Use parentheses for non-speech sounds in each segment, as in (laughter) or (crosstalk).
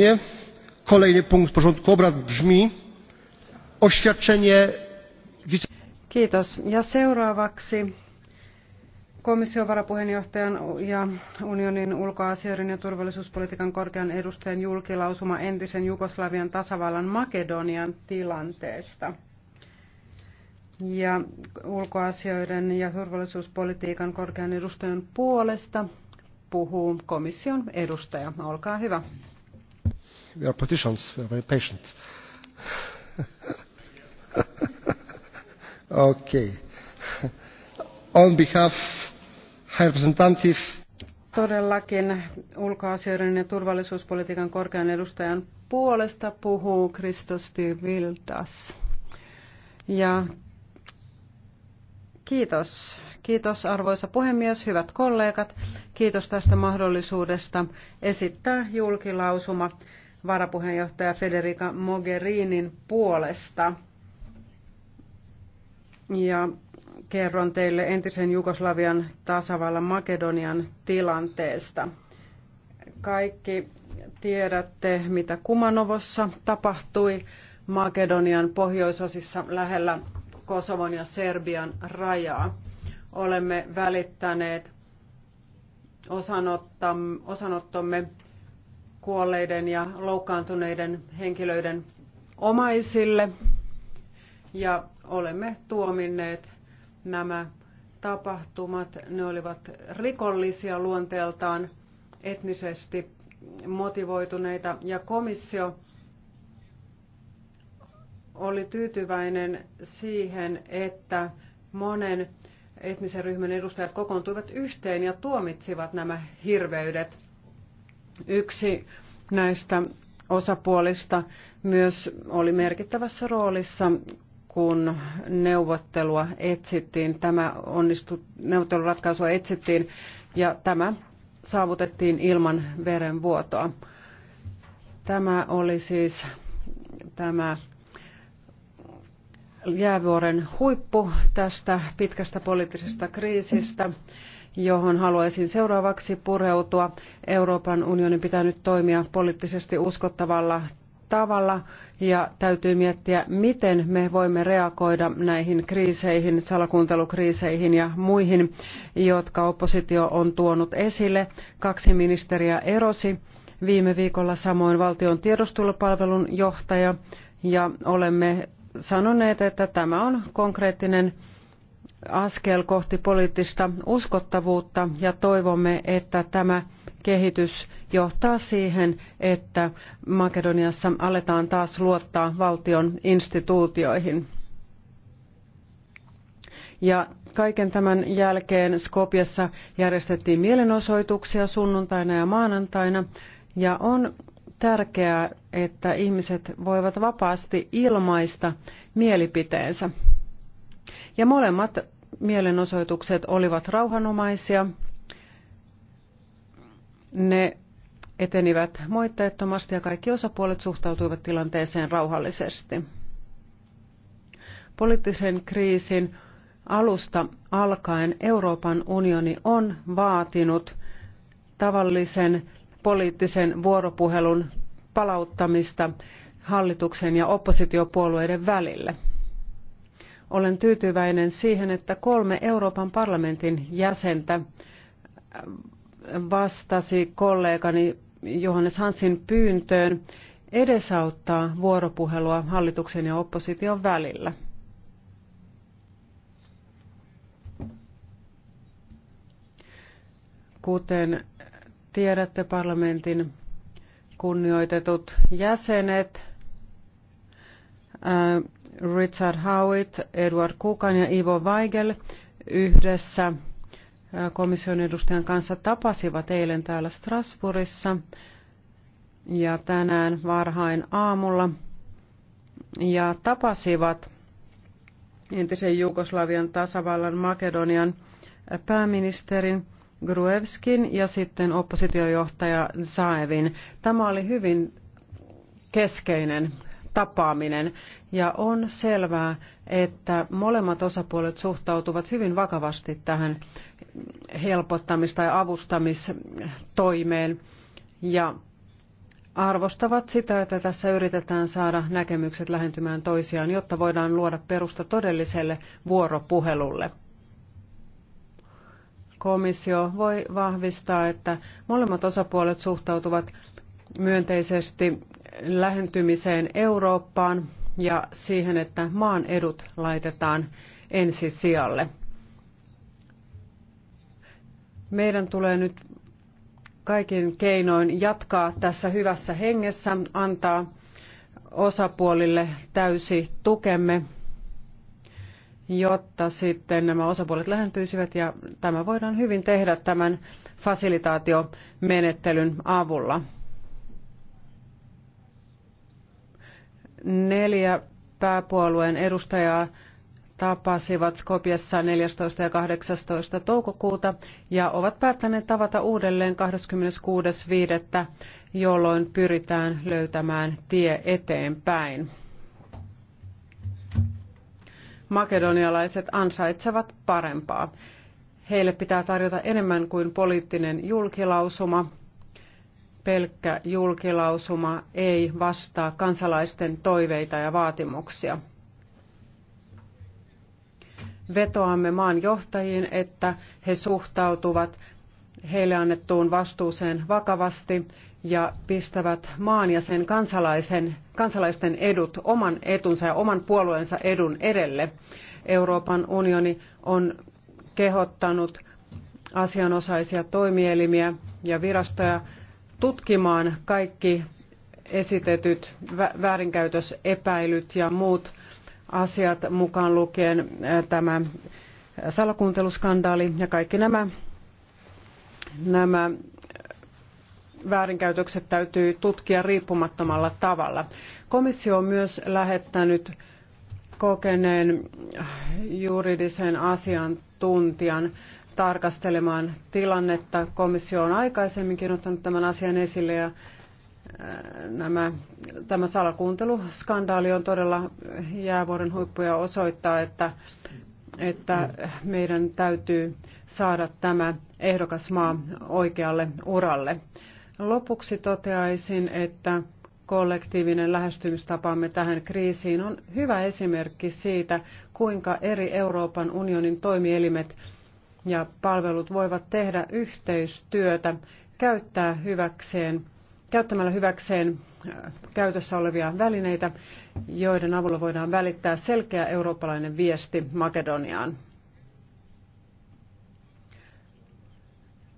następnie kolejny punkt porządku obrad brzmi oświadczenie Kiitos. seuraavaksi komission varapuheenjohtajan ja unionin ulkoasioiden ja turvallisuuspolitiikan korkean edustajan julkilausuma entisen Jugoslavian tasavallan Makedonian tilanteesta. Ja ulkoasioiden ja turvallisuuspolitiikan korkean edustajan puolesta puhuu komission edustaja. Olkaa hyvä we are politicians, we are very patient. (laughs) okay. On behalf high representative Todellakin ulkoasioiden ja turvallisuuspolitiikan korkean edustajan puolesta puhuu Kristos Vildas. Ja kiitos. Kiitos arvoisa puhemies, hyvät kollegat. Kiitos tästä mahdollisuudesta esittää julkilausuma varapuheenjohtaja Federica Mogherinin puolesta. Ja kerron teille entisen Jugoslavian tasavallan Makedonian tilanteesta. Kaikki tiedätte, mitä Kumanovossa tapahtui Makedonian pohjoisosissa lähellä Kosovon ja Serbian rajaa. Olemme välittäneet osanottomme kuolleiden ja loukkaantuneiden henkilöiden omaisille ja olemme tuominneet nämä tapahtumat. Ne olivat rikollisia luonteeltaan, etnisesti motivoituneita ja komissio oli tyytyväinen siihen, että monen etnisen ryhmän edustajat kokoontuivat yhteen ja tuomitsivat nämä hirveydet. Yksi näistä osapuolista myös oli merkittävässä roolissa, kun neuvottelua etsittiin, tämä onnistu, neuvotteluratkaisua etsittiin ja tämä saavutettiin ilman verenvuotoa. Tämä oli siis tämä jäävuoren huippu tästä pitkästä poliittisesta kriisistä johon haluaisin seuraavaksi pureutua. Euroopan unionin pitää nyt toimia poliittisesti uskottavalla tavalla ja täytyy miettiä, miten me voimme reagoida näihin kriiseihin, salakuuntelukriiseihin ja muihin, jotka oppositio on tuonut esille. Kaksi ministeriä erosi viime viikolla samoin valtion tiedustelupalvelun johtaja ja olemme sanoneet, että tämä on konkreettinen askel kohti poliittista uskottavuutta ja toivomme, että tämä kehitys johtaa siihen, että Makedoniassa aletaan taas luottaa valtion instituutioihin. Ja kaiken tämän jälkeen Skopjassa järjestettiin mielenosoituksia sunnuntaina ja maanantaina ja on tärkeää, että ihmiset voivat vapaasti ilmaista mielipiteensä. Ja molemmat mielenosoitukset olivat rauhanomaisia. Ne etenivät moitteettomasti ja kaikki osapuolet suhtautuivat tilanteeseen rauhallisesti. Poliittisen kriisin alusta alkaen Euroopan unioni on vaatinut tavallisen poliittisen vuoropuhelun palauttamista hallituksen ja oppositiopuolueiden välille. Olen tyytyväinen siihen, että kolme Euroopan parlamentin jäsentä vastasi kollegani Johannes Hansin pyyntöön edesauttaa vuoropuhelua hallituksen ja opposition välillä. Kuten tiedätte parlamentin kunnioitetut jäsenet, Richard Howitt, Edward Kukan ja Ivo Weigel yhdessä komission edustajan kanssa tapasivat eilen täällä Strasbourgissa ja tänään varhain aamulla ja tapasivat entisen Jugoslavian tasavallan Makedonian pääministerin Gruevskin ja sitten oppositiojohtaja Zaevin. Tämä oli hyvin keskeinen tapaaminen. Ja on selvää, että molemmat osapuolet suhtautuvat hyvin vakavasti tähän helpottamis- tai avustamistoimeen ja arvostavat sitä, että tässä yritetään saada näkemykset lähentymään toisiaan, jotta voidaan luoda perusta todelliselle vuoropuhelulle komissio voi vahvistaa, että molemmat osapuolet suhtautuvat myönteisesti lähentymiseen Eurooppaan ja siihen, että maan edut laitetaan ensisijalle. Meidän tulee nyt kaikin keinoin jatkaa tässä hyvässä hengessä, antaa osapuolille täysi tukemme, jotta sitten nämä osapuolet lähentyisivät ja tämä voidaan hyvin tehdä tämän fasilitaatiomenettelyn avulla. Neljä pääpuolueen edustajaa tapasivat Skopjassa 14. ja 18. toukokuuta ja ovat päättäneet tavata uudelleen 26.5., jolloin pyritään löytämään tie eteenpäin. Makedonialaiset ansaitsevat parempaa. Heille pitää tarjota enemmän kuin poliittinen julkilausuma. Pelkkä julkilausuma ei vastaa kansalaisten toiveita ja vaatimuksia. Vetoamme maan johtajiin, että he suhtautuvat heille annettuun vastuuseen vakavasti ja pistävät maan ja sen kansalaisen, kansalaisten edut, oman etunsa ja oman puolueensa edun edelle. Euroopan unioni on kehottanut asianosaisia toimielimiä ja virastoja tutkimaan kaikki esitetyt väärinkäytösepäilyt ja muut asiat mukaan lukien tämä salakuunteluskandaali ja kaikki nämä, nämä väärinkäytökset täytyy tutkia riippumattomalla tavalla. Komissio on myös lähettänyt kokeneen juridisen asiantuntijan tarkastelemaan tilannetta. Komissio on aikaisemminkin ottanut tämän asian esille ja äh, nämä, tämä salakuunteluskandaali on todella jäävuoren huippuja osoittaa, että, että meidän täytyy saada tämä ehdokasmaa oikealle uralle. Lopuksi toteaisin, että kollektiivinen lähestymistapamme tähän kriisiin on hyvä esimerkki siitä, kuinka eri Euroopan unionin toimielimet ja palvelut voivat tehdä yhteistyötä käyttää hyväkseen, käyttämällä hyväkseen äh, käytössä olevia välineitä, joiden avulla voidaan välittää selkeä eurooppalainen viesti Makedoniaan.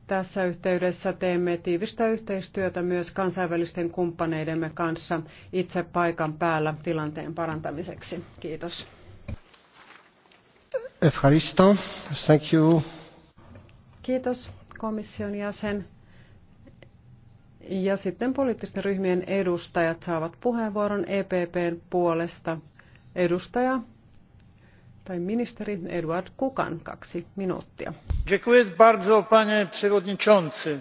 Tässä yhteydessä teemme tiivistä yhteistyötä myös kansainvälisten kumppaneidemme kanssa itse paikan päällä tilanteen parantamiseksi. Kiitos. Kiitos komission jäsen. Ja sitten poliittisten ryhmien edustajat saavat puheenvuoron EPPn puolesta. Edustaja tai ministeri Eduard Kukan, kaksi minuuttia. Dziękuję bardzo, panie przewodniczący.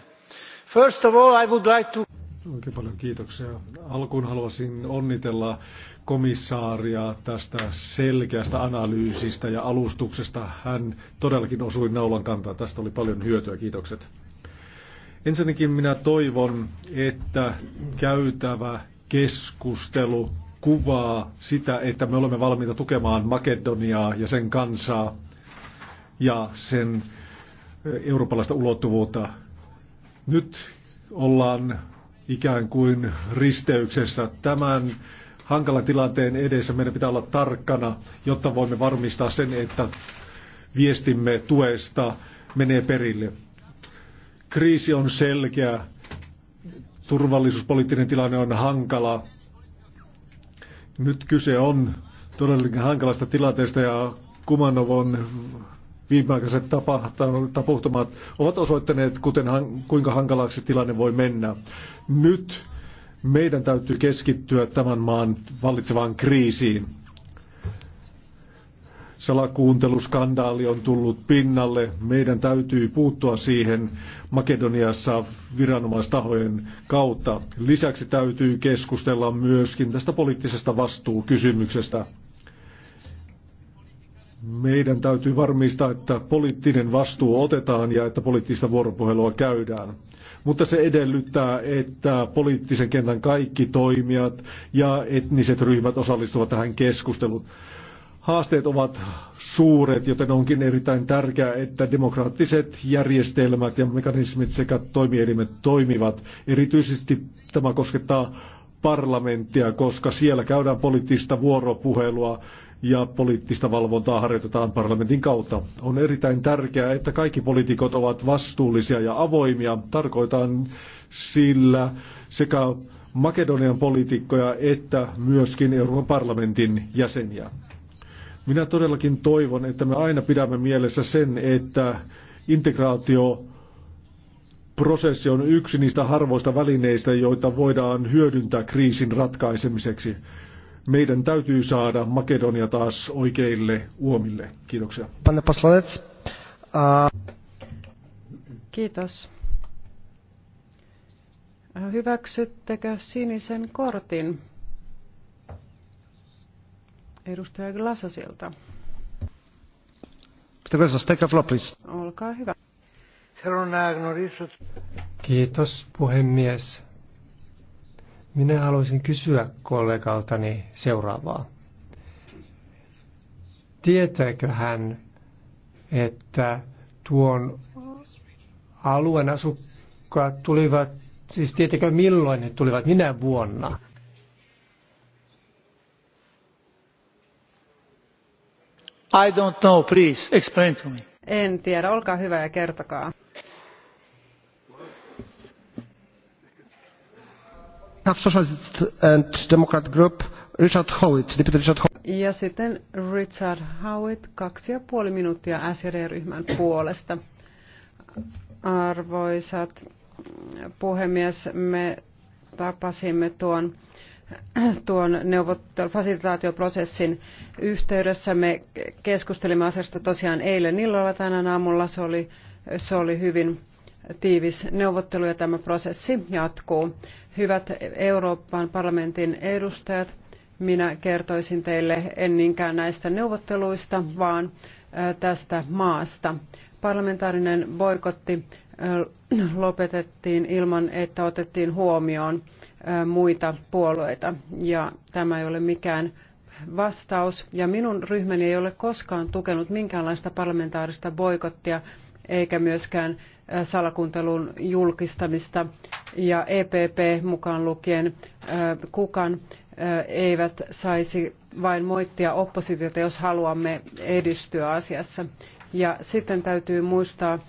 First of all, I would like to... Oikein paljon kiitoksia. Alkuun haluaisin onnitella komissaaria tästä selkeästä analyysistä ja alustuksesta. Hän todellakin osui naulan kantaa. Tästä oli paljon hyötyä. Kiitokset. Ensinnäkin minä toivon, että käytävä keskustelu kuvaa sitä, että me olemme valmiita tukemaan Makedoniaa ja sen kansaa ja sen eurooppalaista ulottuvuutta. Nyt ollaan ikään kuin risteyksessä. Tämän hankalan tilanteen edessä meidän pitää olla tarkkana, jotta voimme varmistaa sen, että viestimme tuesta menee perille. Kriisi on selkeä, turvallisuuspoliittinen tilanne on hankala. Nyt kyse on todellakin hankalasta tilanteesta ja Kumanovon viimeaikaiset tapahtumat ovat osoittaneet, kuten, kuinka hankalaksi tilanne voi mennä. Nyt meidän täytyy keskittyä tämän maan vallitsevaan kriisiin. Salakuunteluskandaali on tullut pinnalle. Meidän täytyy puuttua siihen Makedoniassa viranomaistahojen kautta. Lisäksi täytyy keskustella myöskin tästä poliittisesta vastuukysymyksestä. Meidän täytyy varmistaa, että poliittinen vastuu otetaan ja että poliittista vuoropuhelua käydään. Mutta se edellyttää, että poliittisen kentän kaikki toimijat ja etniset ryhmät osallistuvat tähän keskusteluun. Haasteet ovat suuret, joten onkin erittäin tärkeää, että demokraattiset järjestelmät ja mekanismit sekä toimielimet toimivat. Erityisesti tämä koskettaa parlamenttia, koska siellä käydään poliittista vuoropuhelua ja poliittista valvontaa harjoitetaan parlamentin kautta. On erittäin tärkeää, että kaikki poliitikot ovat vastuullisia ja avoimia. Tarkoitan sillä sekä Makedonian poliitikkoja että myöskin Euroopan parlamentin jäseniä. Minä todellakin toivon, että me aina pidämme mielessä sen, että integraatio prosessi on yksi niistä harvoista välineistä, joita voidaan hyödyntää kriisin ratkaisemiseksi meidän täytyy saada Makedonia taas oikeille uomille. Kiitoksia. Pane poslanec. Kiitos. Hyväksyttekö sinisen kortin edustaja Glasasilta? Olkaa hyvä. Kiitos puhemies. Minä haluaisin kysyä kollegaltani seuraavaa. Tietääkö hän, että tuon alueen asukkaat tulivat, siis tietääkö milloin he tulivat, minä vuonna? I don't know, please, explain to me. En tiedä, olkaa hyvä ja kertokaa. Socialist and Democrat Group, Richard Howitt, Deputy Richard Howitt. Ja sitten Richard Howitt, kaksi ja puoli minuuttia SJD-ryhmän puolesta. Arvoisat puhemies, me tapasimme tuon tuon fasilitaatioprosessin yhteydessä. Me keskustelimme asiasta tosiaan eilen illalla tänään aamulla. Se oli, se oli hyvin tiivis neuvottelu ja tämä prosessi jatkuu. Hyvät Euroopan parlamentin edustajat, minä kertoisin teille en niinkään näistä neuvotteluista, vaan tästä maasta. Parlamentaarinen boikotti lopetettiin ilman, että otettiin huomioon muita puolueita. Ja tämä ei ole mikään vastaus. Ja minun ryhmäni ei ole koskaan tukenut minkäänlaista parlamentaarista boikottia eikä myöskään salakuuntelun julkistamista ja EPP mukaan lukien kukan eivät saisi vain moittia oppositiota, jos haluamme edistyä asiassa. Ja sitten täytyy muistaa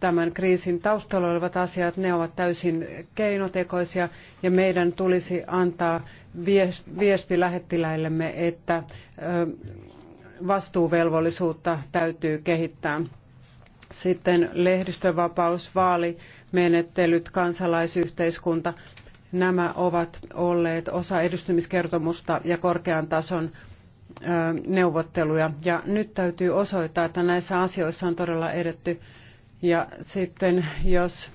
tämän kriisin taustalla olevat asiat, ne ovat täysin keinotekoisia ja meidän tulisi antaa viesti lähettiläillemme, että vastuuvelvollisuutta täytyy kehittää. Sitten lehdistövapaus, vaalimenettelyt, kansalaisyhteiskunta, nämä ovat olleet osa edistymiskertomusta ja korkean tason neuvotteluja. Ja nyt täytyy osoittaa, että näissä asioissa on todella edetty. Ja sitten jos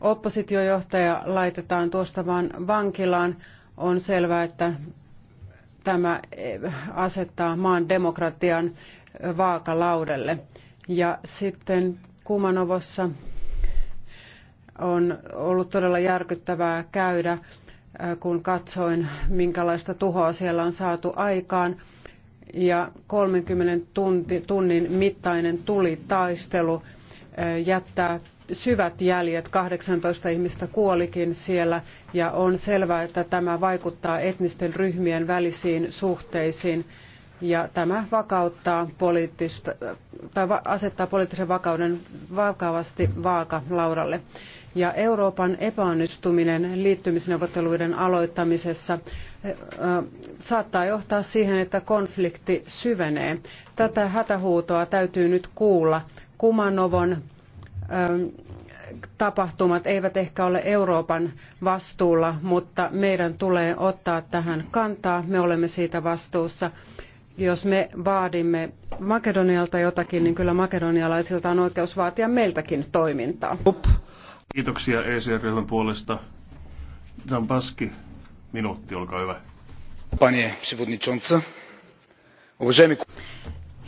oppositiojohtaja laitetaan tuosta vaan vankilaan, on selvää, että tämä e, asettaa maan demokratian vaakalaudelle. Ja sitten Kumanovossa on ollut todella järkyttävää käydä, äh, kun katsoin, minkälaista tuhoa siellä on saatu aikaan. Ja 30 tunti, tunnin mittainen tulitaistelu äh, jättää syvät jäljet. 18 ihmistä kuolikin siellä ja on selvää, että tämä vaikuttaa etnisten ryhmien välisiin suhteisiin ja tämä vakauttaa poliittista, tai asettaa poliittisen vakauden vakavasti lauralle. Ja Euroopan epäonnistuminen liittymisneuvotteluiden aloittamisessa saattaa johtaa siihen, että konflikti syvenee. Tätä hätähuutoa täytyy nyt kuulla. Kumanovon tapahtumat eivät ehkä ole Euroopan vastuulla, mutta meidän tulee ottaa tähän kantaa. Me olemme siitä vastuussa. Jos me vaadimme Makedonialta jotakin, niin kyllä makedonialaisilta on oikeus vaatia meiltäkin toimintaa. Kiitoksia ECR-ryhmän puolesta. Baski minuutti, olkaa hyvä. Panie przewodniczący,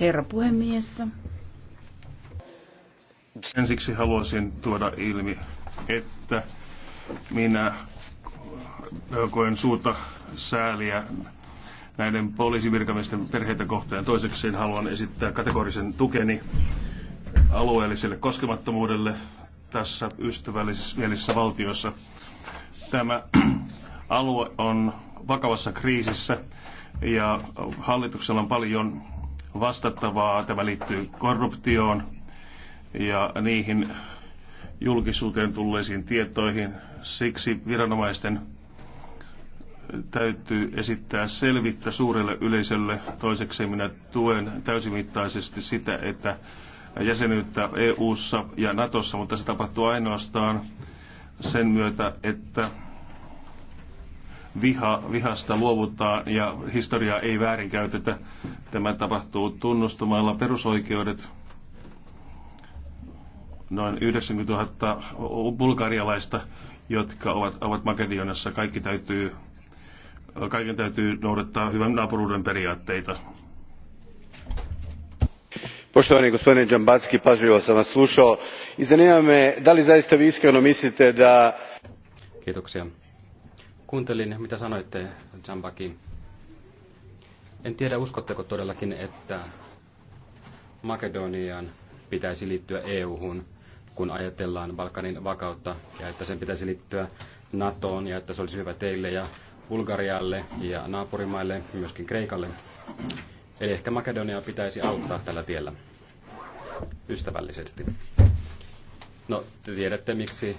Herra puhemies. Ensiksi haluaisin tuoda ilmi, että minä koen suuta sääliä näiden poliisivirkamiesten perheitä kohtaan. Toiseksi haluan esittää kategorisen tukeni alueelliselle koskemattomuudelle tässä ystävällisessä mielisessä valtiossa. Tämä (clears throat) alue on vakavassa kriisissä ja hallituksella on paljon vastattavaa. Tämä liittyy korruptioon ja niihin julkisuuteen tulleisiin tietoihin. Siksi viranomaisten täytyy esittää selvittä suurelle yleisölle. Toiseksi minä tuen täysimittaisesti sitä, että jäsenyyttä EU:ssa ja Natossa, mutta se tapahtuu ainoastaan sen myötä, että viha, vihasta luovutaan ja historiaa ei väärinkäytetä. Tämä tapahtuu tunnustamalla perusoikeudet. Noin 90 000 bulgarialaista, jotka ovat, ovat Makedoniassa, kaikki täytyy kaiken täytyy noudattaa hyvän naapuruuden periaatteita. Poštovani gospodine Džambacki, pažljivo sam vas slušao i zanima me da li zaista vi iskreno mislite da... Kiitoksia. Kuuntelin, mitä sanoitte, Džambaki. En tiedä, uskotteko todellakin, että Makedonian pitäisi liittyä EU-hun, kun ajatellaan Balkanin vakautta, ja että sen pitäisi liittyä NATOon, ja että se olisi hyvä teille ja Bulgarialle ja naapurimaille, myöskin Kreikalle. Eli ehkä Makedonia pitäisi auttaa tällä tiellä ystävällisesti. No, te tiedätte, miksi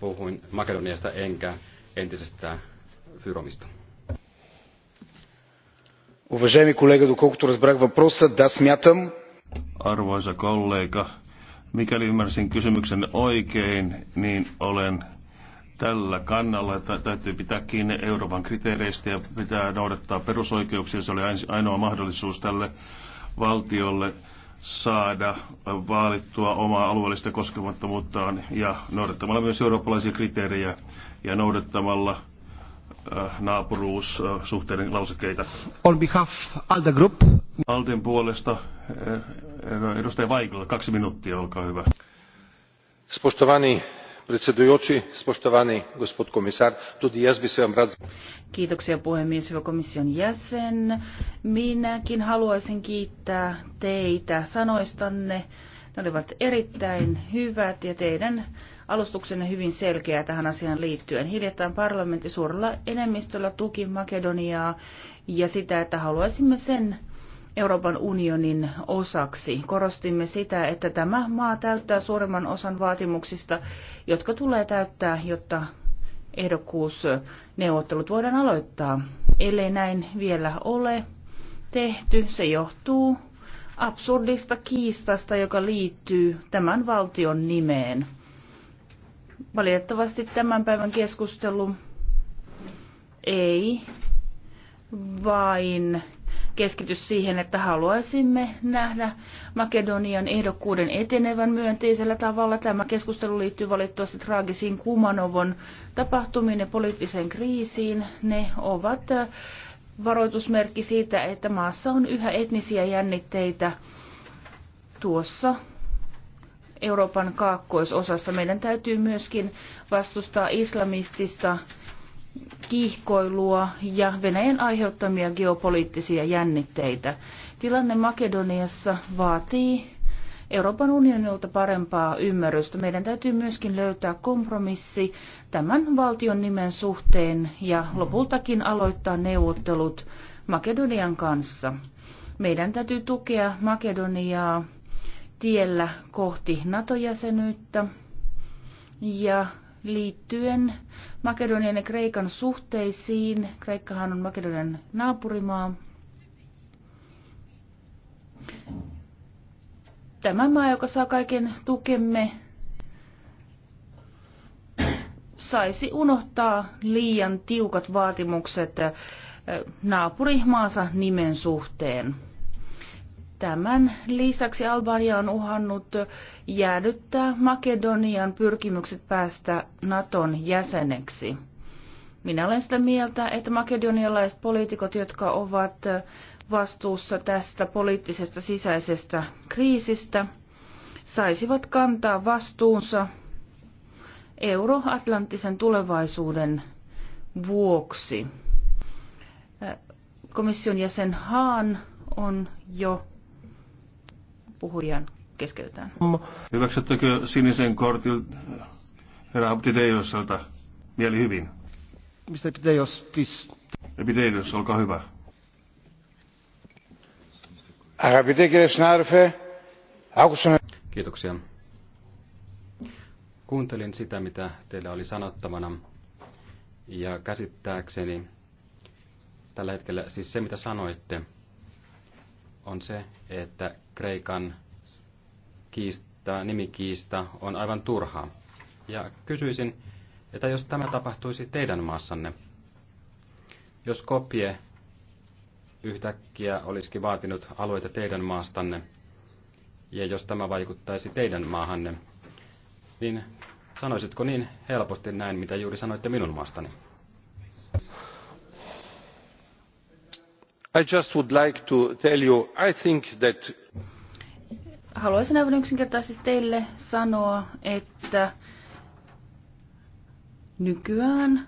puhuin Makedoniasta enkä entisestä Fyromista. Уважаеми колега, доколкото разбрах въпроса, да смятам. Arvoisa kollega, mikäli ymmärsin kysymyksen oikein, niin olen tällä kannalla, että täytyy pitää kiinni Euroopan kriteereistä ja pitää noudattaa perusoikeuksia. Se oli ainoa mahdollisuus tälle valtiolle saada vaalittua omaa alueellista koskemattomuuttaan ja noudattamalla myös eurooppalaisia kriteerejä ja noudattamalla äh, naapuruussuhteiden lausekkeita. On behalf Alda Group. Alden puolesta äh, edustaja Vaikola, kaksi minuuttia, olkaa hyvä. Spostovani predsedujoči spoštovani gospod komisar tudi jaz bi se vam rad. kiitoksia puhemies hyvä komission jäsen minäkin haluaisin kiittää teitä sanoistanne ne olivat erittäin hyvät ja teidän alustuksenne hyvin selkeä tähän asiaan liittyen. Hiljattain parlamentti suurella enemmistöllä tuki Makedoniaa ja sitä, että haluaisimme sen Euroopan unionin osaksi. Korostimme sitä, että tämä maa täyttää suurimman osan vaatimuksista, jotka tulee täyttää, jotta ehdokkuusneuvottelut voidaan aloittaa. Ellei näin vielä ole tehty, se johtuu absurdista kiistasta, joka liittyy tämän valtion nimeen. Valitettavasti tämän päivän keskustelu ei vain keskity siihen, että haluaisimme nähdä Makedonian ehdokkuuden etenevän myönteisellä tavalla. Tämä keskustelu liittyy valitettavasti traagisiin Kumanovon tapahtumiin ja poliittiseen kriisiin. Ne ovat varoitusmerkki siitä, että maassa on yhä etnisiä jännitteitä tuossa Euroopan kaakkoisosassa. Meidän täytyy myöskin vastustaa islamistista kiihkoilua ja Venäjän aiheuttamia geopoliittisia jännitteitä. Tilanne Makedoniassa vaatii Euroopan unionilta parempaa ymmärrystä. Meidän täytyy myöskin löytää kompromissi tämän valtion nimen suhteen ja lopultakin aloittaa neuvottelut Makedonian kanssa. Meidän täytyy tukea Makedoniaa tiellä kohti NATO-jäsenyyttä ja liittyen Makedonian ja Kreikan suhteisiin. Kreikkahan on Makedonian naapurimaa. Tämä maa, joka saa kaiken tukemme, saisi unohtaa liian tiukat vaatimukset eh, naapurimaansa nimen suhteen. Tämän lisäksi Albania on uhannut jäädyttää Makedonian pyrkimykset päästä Naton jäseneksi. Minä olen sitä mieltä, että makedonialaiset poliitikot, jotka ovat vastuussa tästä poliittisesta sisäisestä kriisistä, saisivat kantaa vastuunsa euroatlanttisen tulevaisuuden vuoksi. Komission jäsen Haan on jo puhujan keskeytään. Hyväksyttekö sinisen kortin herra Abdideiosalta mieli hyvin? Mistä Abdideios, please. Abdideios, olkaa hyvä. Kiitoksia. Kuuntelin sitä, mitä teillä oli sanottavana, ja käsittääkseni tällä hetkellä, siis se mitä sanoitte, on se, että Kreikan kiista, nimikiista on aivan turhaa. Ja kysyisin, että jos tämä tapahtuisi teidän maassanne, jos Kopie yhtäkkiä olisikin vaatinut alueita teidän maastanne, ja jos tämä vaikuttaisi teidän maahanne, niin sanoisitko niin helposti näin, mitä juuri sanoitte minun maastani? I just would like to tell you, I think that... Haluaisin aivan yksinkertaisesti teille sanoa, että nykyään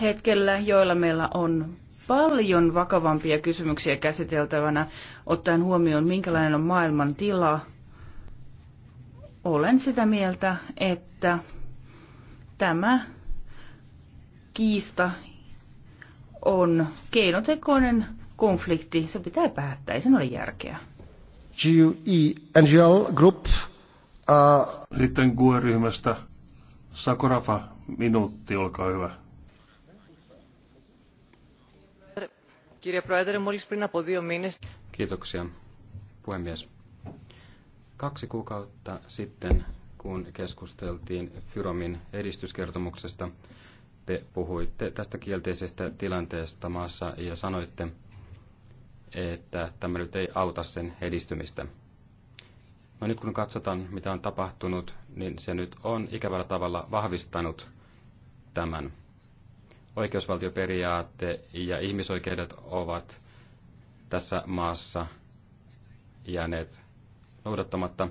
hetkellä, joilla meillä on paljon vakavampia kysymyksiä käsiteltävänä, ottaen huomioon, minkälainen on maailman tila. Olen sitä mieltä, että tämä kiista, on keinotekoinen konflikti. Se pitää päättää, ei sen ole järkeä. GUE NGL Group. Uh... Sitten GUE-ryhmästä Sakorafa, minuutti, olkaa hyvä. Kiitoksia, puhemies. Kaksi kuukautta sitten, kun keskusteltiin Fyromin edistyskertomuksesta, te puhuitte tästä kielteisestä tilanteesta maassa ja sanoitte, että tämä nyt ei auta sen edistymistä. No nyt kun katsotaan, mitä on tapahtunut, niin se nyt on ikävällä tavalla vahvistanut tämän. Oikeusvaltioperiaate ja ihmisoikeudet ovat tässä maassa jääneet noudattamatta.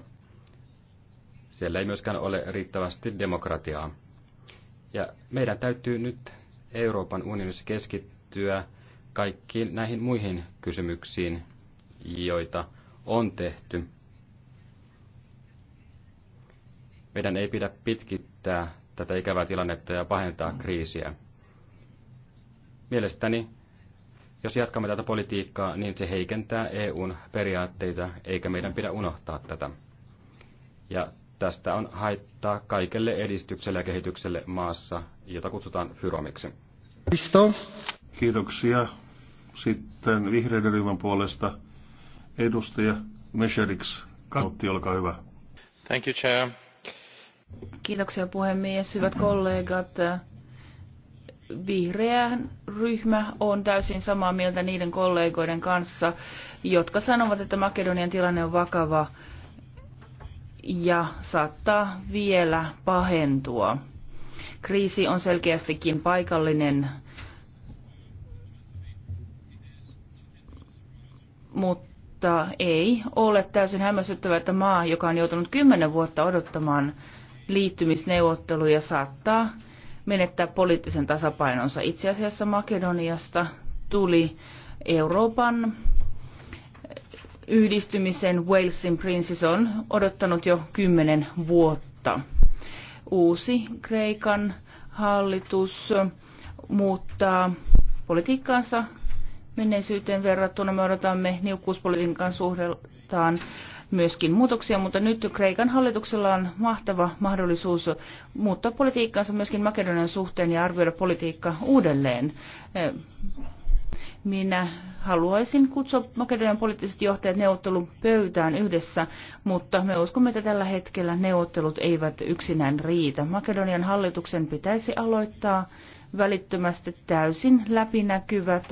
Siellä ei myöskään ole riittävästi demokratiaa. Ja meidän täytyy nyt Euroopan unionissa keskittyä kaikkiin näihin muihin kysymyksiin, joita on tehty. Meidän ei pidä pitkittää tätä ikävää tilannetta ja pahentaa kriisiä. Mielestäni, jos jatkamme tätä politiikkaa, niin se heikentää EUn periaatteita, eikä meidän pidä unohtaa tätä. Ja Tästä on haittaa kaikelle edistykselle ja kehitykselle maassa, jota kutsutaan Fyromiksi. Pisto. Kiitoksia. Sitten vihreiden ryhmän puolesta edustaja Mesheriks. Kautti, olkaa hyvä. Thank you, Chair. Kiitoksia puhemies, hyvät kollegat. Vihreä ryhmä on täysin samaa mieltä niiden kollegoiden kanssa, jotka sanovat, että Makedonian tilanne on vakava ja saattaa vielä pahentua. Kriisi on selkeästikin paikallinen, mutta ei ole täysin hämmästyttävää, että maa, joka on joutunut kymmenen vuotta odottamaan liittymisneuvotteluja, saattaa menettää poliittisen tasapainonsa. Itse asiassa Makedoniasta tuli Euroopan yhdistymisen Walesin prinssi on odottanut jo kymmenen vuotta. Uusi Kreikan hallitus muuttaa politiikkaansa menneisyyteen verrattuna. Me odotamme niukkuuspolitiikan suhdeltaan myöskin muutoksia, mutta nyt Kreikan hallituksella on mahtava mahdollisuus muuttaa politiikkaansa myöskin Makedonian suhteen ja arvioida politiikka uudelleen. Minä haluaisin kutsua Makedonian poliittiset johtajat neuvottelun pöytään yhdessä, mutta me uskomme, että tällä hetkellä neuvottelut eivät yksinään riitä. Makedonian hallituksen pitäisi aloittaa välittömästi täysin läpinäkyvät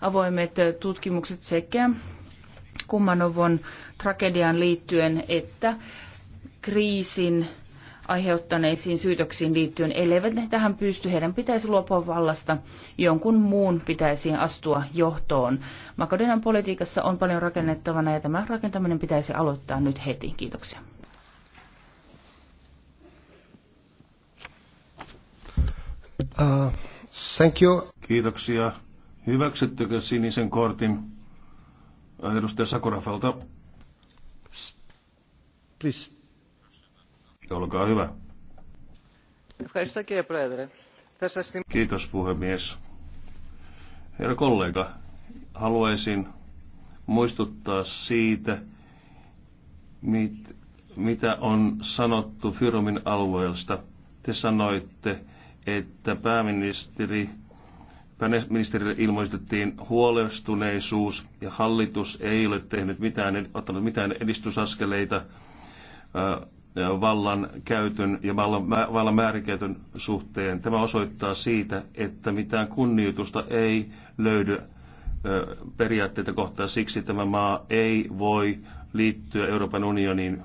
avoimet tutkimukset sekä Kumanovon tragediaan liittyen että kriisin aiheuttaneisiin syytöksiin liittyen, elleivät ne tähän pysty, heidän pitäisi luopua vallasta, jonkun muun pitäisi astua johtoon. Makedonian politiikassa on paljon rakennettavana ja tämä rakentaminen pitäisi aloittaa nyt heti. Kiitoksia. Uh, thank you. Kiitoksia. Hyväksyttekö sinisen kortin edustaja Sakurafalta? Please. Olkaa hyvä. Kiitos puhemies. Herra kollega, haluaisin muistuttaa siitä, mit, mitä on sanottu Fyromin alueelta. Te sanoitte, että pääministeri, pääministerille ilmoitettiin huolestuneisuus ja hallitus ei ole tehnyt mitään, ottanut mitään edistysaskeleita vallan käytön ja vallan, vallan määrinkäytön suhteen. Tämä osoittaa siitä, että mitään kunnioitusta ei löydy periaatteita kohtaan. Siksi tämä maa ei voi liittyä Euroopan unioniin.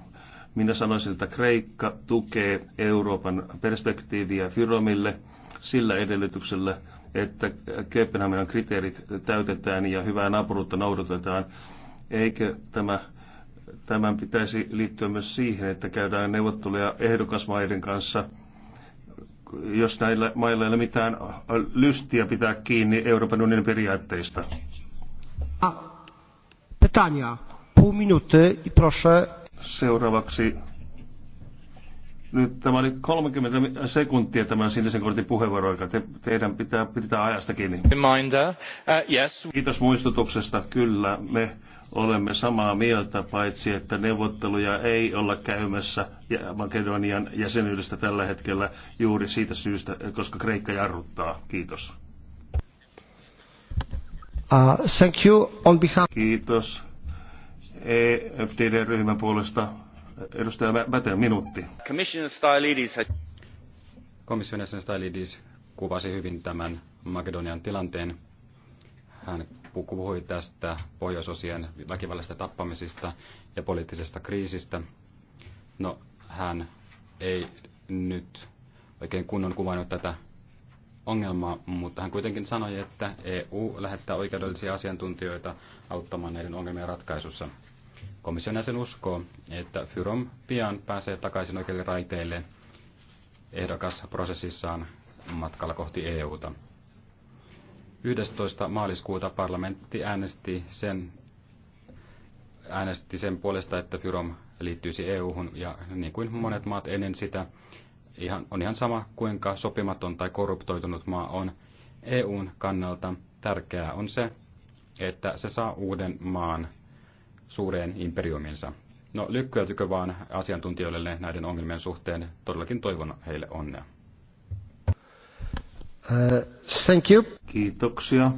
Minä sanoisin, että Kreikka tukee Euroopan perspektiiviä Fyromille sillä edellytyksellä, että Kööpenhaminan kriteerit täytetään ja hyvää naapuruutta noudatetaan. Eikö tämä Tämän pitäisi liittyä myös siihen, että käydään neuvotteluja ehdokasmaiden kanssa jos näillä mailla ei ole mitään lystiä pitää kiinni Euroopan unionin periaatteista. Pytania. Pół minuty proszę. Seuraavaksi nyt tämä oli 30 sekuntia tämän sinisen kortin puheenvuoro, joka te, teidän pitää pitää ajasta kiinni. Reminder. Uh, yes. Kiitos muistutuksesta. Kyllä, me olemme samaa mieltä, paitsi että neuvotteluja ei olla käymässä Makedonian jäsenyydestä tällä hetkellä juuri siitä syystä, koska Kreikka jarruttaa. Kiitos. Uh, thank you on behalf... Kiitos. EFDD-ryhmän puolesta Edustaja Mätön, minuutti. Komission jäsen Stylides kuvasi hyvin tämän Makedonian tilanteen. Hän puhui tästä pohjoisosien väkivallisesta tappamisista ja poliittisesta kriisistä. No, hän ei nyt oikein kunnon kuvannut tätä ongelmaa, mutta hän kuitenkin sanoi, että EU lähettää oikeudellisia asiantuntijoita auttamaan näiden ongelmien ratkaisussa. Komission jäsen uskoo, että Fyrom pian pääsee takaisin oikeille raiteille ehdokasprosessissaan matkalla kohti EUta. 11. maaliskuuta parlamentti äänesti sen, äänesti sen puolesta, että Fyrom liittyisi EU-hun ja niin kuin monet maat ennen sitä, ihan, on ihan sama kuinka sopimaton tai korruptoitunut maa on. EUn kannalta tärkeää on se, että se saa uuden maan suureen imperiuminsa. No lykkäytykö vaan asiantuntijoille näiden ongelmien suhteen? Todellakin toivon heille onnea. Uh, thank you. Kiitoksia.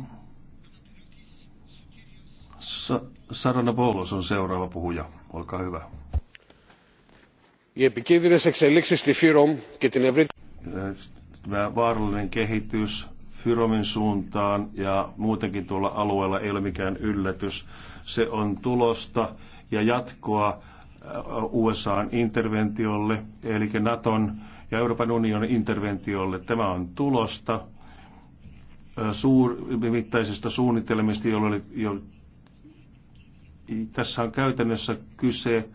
Sa- Sarana Boulos on seuraava puhuja. Olkaa hyvä. Οι επικίνδυνες εξελίξεις στη και την ευρύτερη... Vaarallinen kehitys Fyromin suuntaan ja muutenkin tuolla alueella ei ole mikään yllätys. Se on tulosta ja jatkoa äh, USAn interventiolle, eli Naton ja Euroopan unionin interventiolle. Tämä on tulosta äh, suurimittaisista suunnitelmista, oli jo, tässä on käytännössä kyse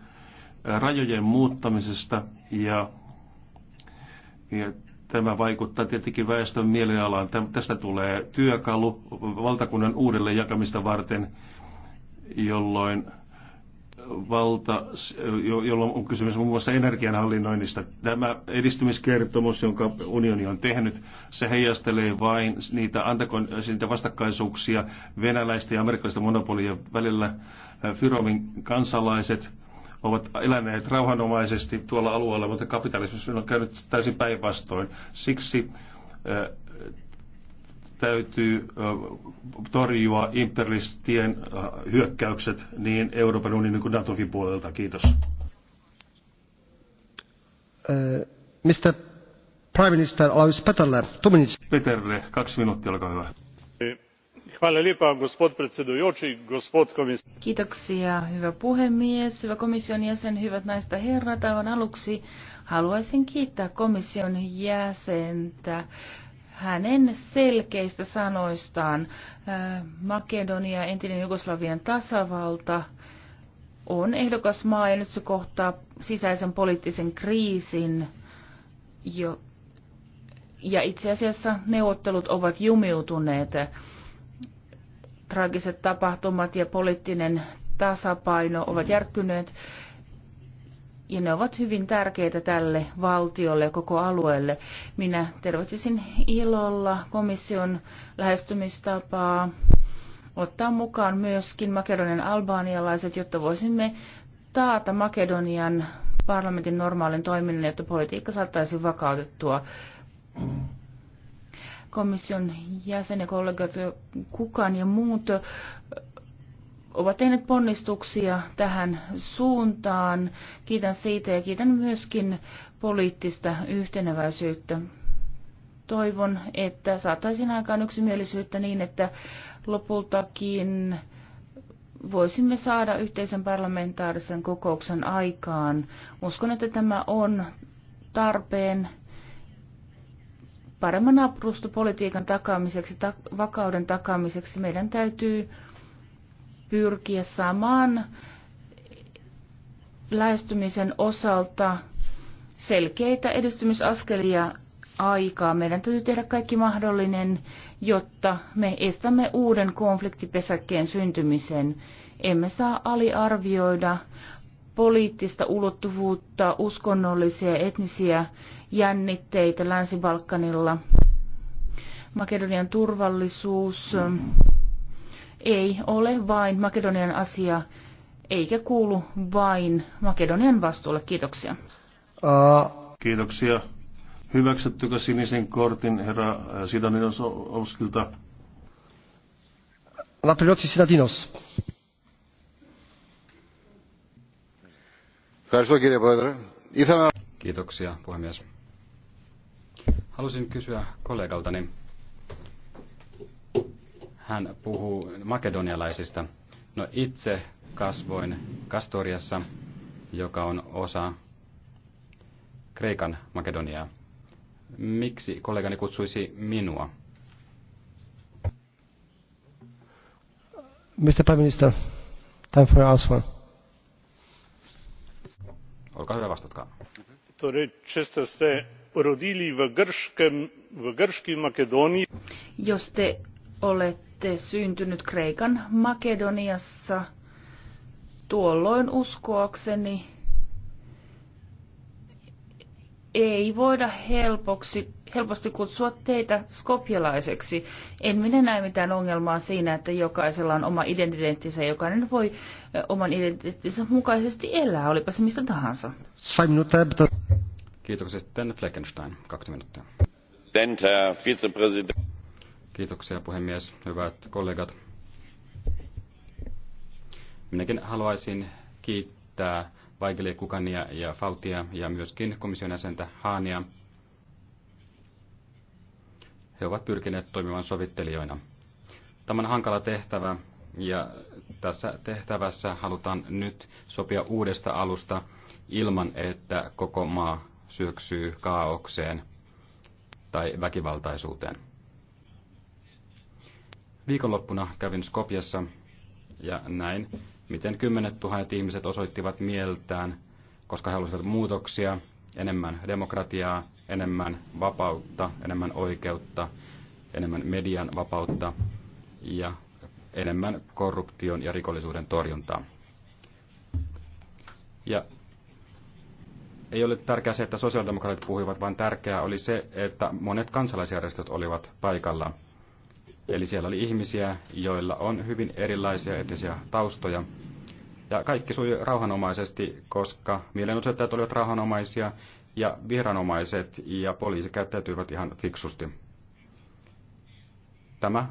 äh, rajojen muuttamisesta ja, ja Tämä vaikuttaa tietenkin väestön mielialaan. Tästä tulee työkalu valtakunnan uudelle jakamista varten, jolloin valta, jolloin on kysymys muun muassa energianhallinnoinnista. Tämä edistymiskertomus, jonka unioni on tehnyt, se heijastelee vain niitä, antakoon, niitä vastakkaisuuksia venäläisten ja amerikkalaisten monopolien välillä. Fyromin kansalaiset ovat eläneet rauhanomaisesti tuolla alueella, mutta kapitalismissa on käynyt täysin päinvastoin. Siksi täytyy torjua imperialistien hyökkäykset niin Euroopan unionin kuin Natokin puolelta. Kiitos. Mr. Prime Minister Peterle, kaksi minuuttia, olkaa hyvä. Kiitoksia, hyvä puhemies, hyvä komission jäsen, hyvät naiset ja herrat. Aivan aluksi haluaisin kiittää komission jäsentä hänen selkeistä sanoistaan. Äh, Makedonia, entinen Jugoslavian tasavalta, on ehdokas maa ja nyt se kohtaa sisäisen poliittisen kriisin. Jo, ja itse asiassa neuvottelut ovat jumiutuneet traagiset tapahtumat ja poliittinen tasapaino ovat järkkyneet ja ne ovat hyvin tärkeitä tälle valtiolle ja koko alueelle. Minä tervehtisin ilolla komission lähestymistapaa ottaa mukaan myöskin Makedonian albaanialaiset, jotta voisimme taata Makedonian parlamentin normaalin toiminnan, jotta politiikka saattaisi vakautettua komission jäsen ja kollegat Kukan ja muut ovat tehneet ponnistuksia tähän suuntaan. Kiitän siitä ja kiitän myöskin poliittista yhteneväisyyttä. Toivon, että saataisiin aikaan yksimielisyyttä niin, että lopultakin voisimme saada yhteisen parlamentaarisen kokouksen aikaan. Uskon, että tämä on tarpeen paremman naapurustopolitiikan takaamiseksi, ta- vakauden takaamiseksi meidän täytyy pyrkiä saamaan lähestymisen osalta selkeitä edistymisaskelia aikaa. Meidän täytyy tehdä kaikki mahdollinen, jotta me estämme uuden konfliktipesäkkeen syntymisen. Emme saa aliarvioida poliittista ulottuvuutta, uskonnollisia ja etnisiä jännitteitä Länsi-Balkanilla. Makedonian turvallisuus ei ole vain Makedonian asia, eikä kuulu vain Makedonian vastuulle. Kiitoksia. Aa. Kiitoksia. Hyväksyttykö sinisen kortin herra Sidaninos Ovskilta? Laprilotsi Sidaninos. Kiitoksia, puhemies. Halusin kysyä kollegaltani. Hän puhuu makedonialaisista. No itse kasvoin Kastoriassa, joka on osa Kreikan Makedoniaa. Miksi kollegani kutsuisi minua? Mr. Prime Minister, time for answer. Olkaa hyvä, Torej, če ste se rodili v, Grškem, v Grški Makedoniji... Jos te olette syntynyt Kreikan Makedoniassa, tuolloin uskoakseni ei voida helpoksi, helposti kutsua teitä skopjalaiseksi. En minä näe mitään ongelmaa siinä, että jokaisella on oma identiteettinsä, jokainen voi oman identiteettinsä mukaisesti elää, olipa se mistä tahansa. Kiitoksia sitten Fleckenstein, kaksi minuuttia. Uh, Kiitoksia puhemies, hyvät kollegat. Minäkin haluaisin kiittää Vaikelia, Kukania ja Faltia ja myöskin komission jäsentä Haania. He ovat pyrkineet toimimaan sovittelijoina. Tämä on hankala tehtävä ja tässä tehtävässä halutaan nyt sopia uudesta alusta ilman, että koko maa syöksyy kaaukseen tai väkivaltaisuuteen. Viikonloppuna kävin Skopjassa ja näin miten kymmenet tuhannet ihmiset osoittivat mieltään, koska he halusivat muutoksia, enemmän demokratiaa, enemmän vapautta, enemmän oikeutta, enemmän median vapautta ja enemmän korruption ja rikollisuuden torjuntaa. Ja ei ole tärkeää se, että sosiaalidemokraatit puhuivat, vaan tärkeää oli se, että monet kansalaisjärjestöt olivat paikalla – Eli siellä oli ihmisiä, joilla on hyvin erilaisia etnisiä taustoja. Ja kaikki sujui rauhanomaisesti, koska mielenosoittajat olivat rauhanomaisia ja viranomaiset ja poliisi käyttäytyivät ihan fiksusti. Tämä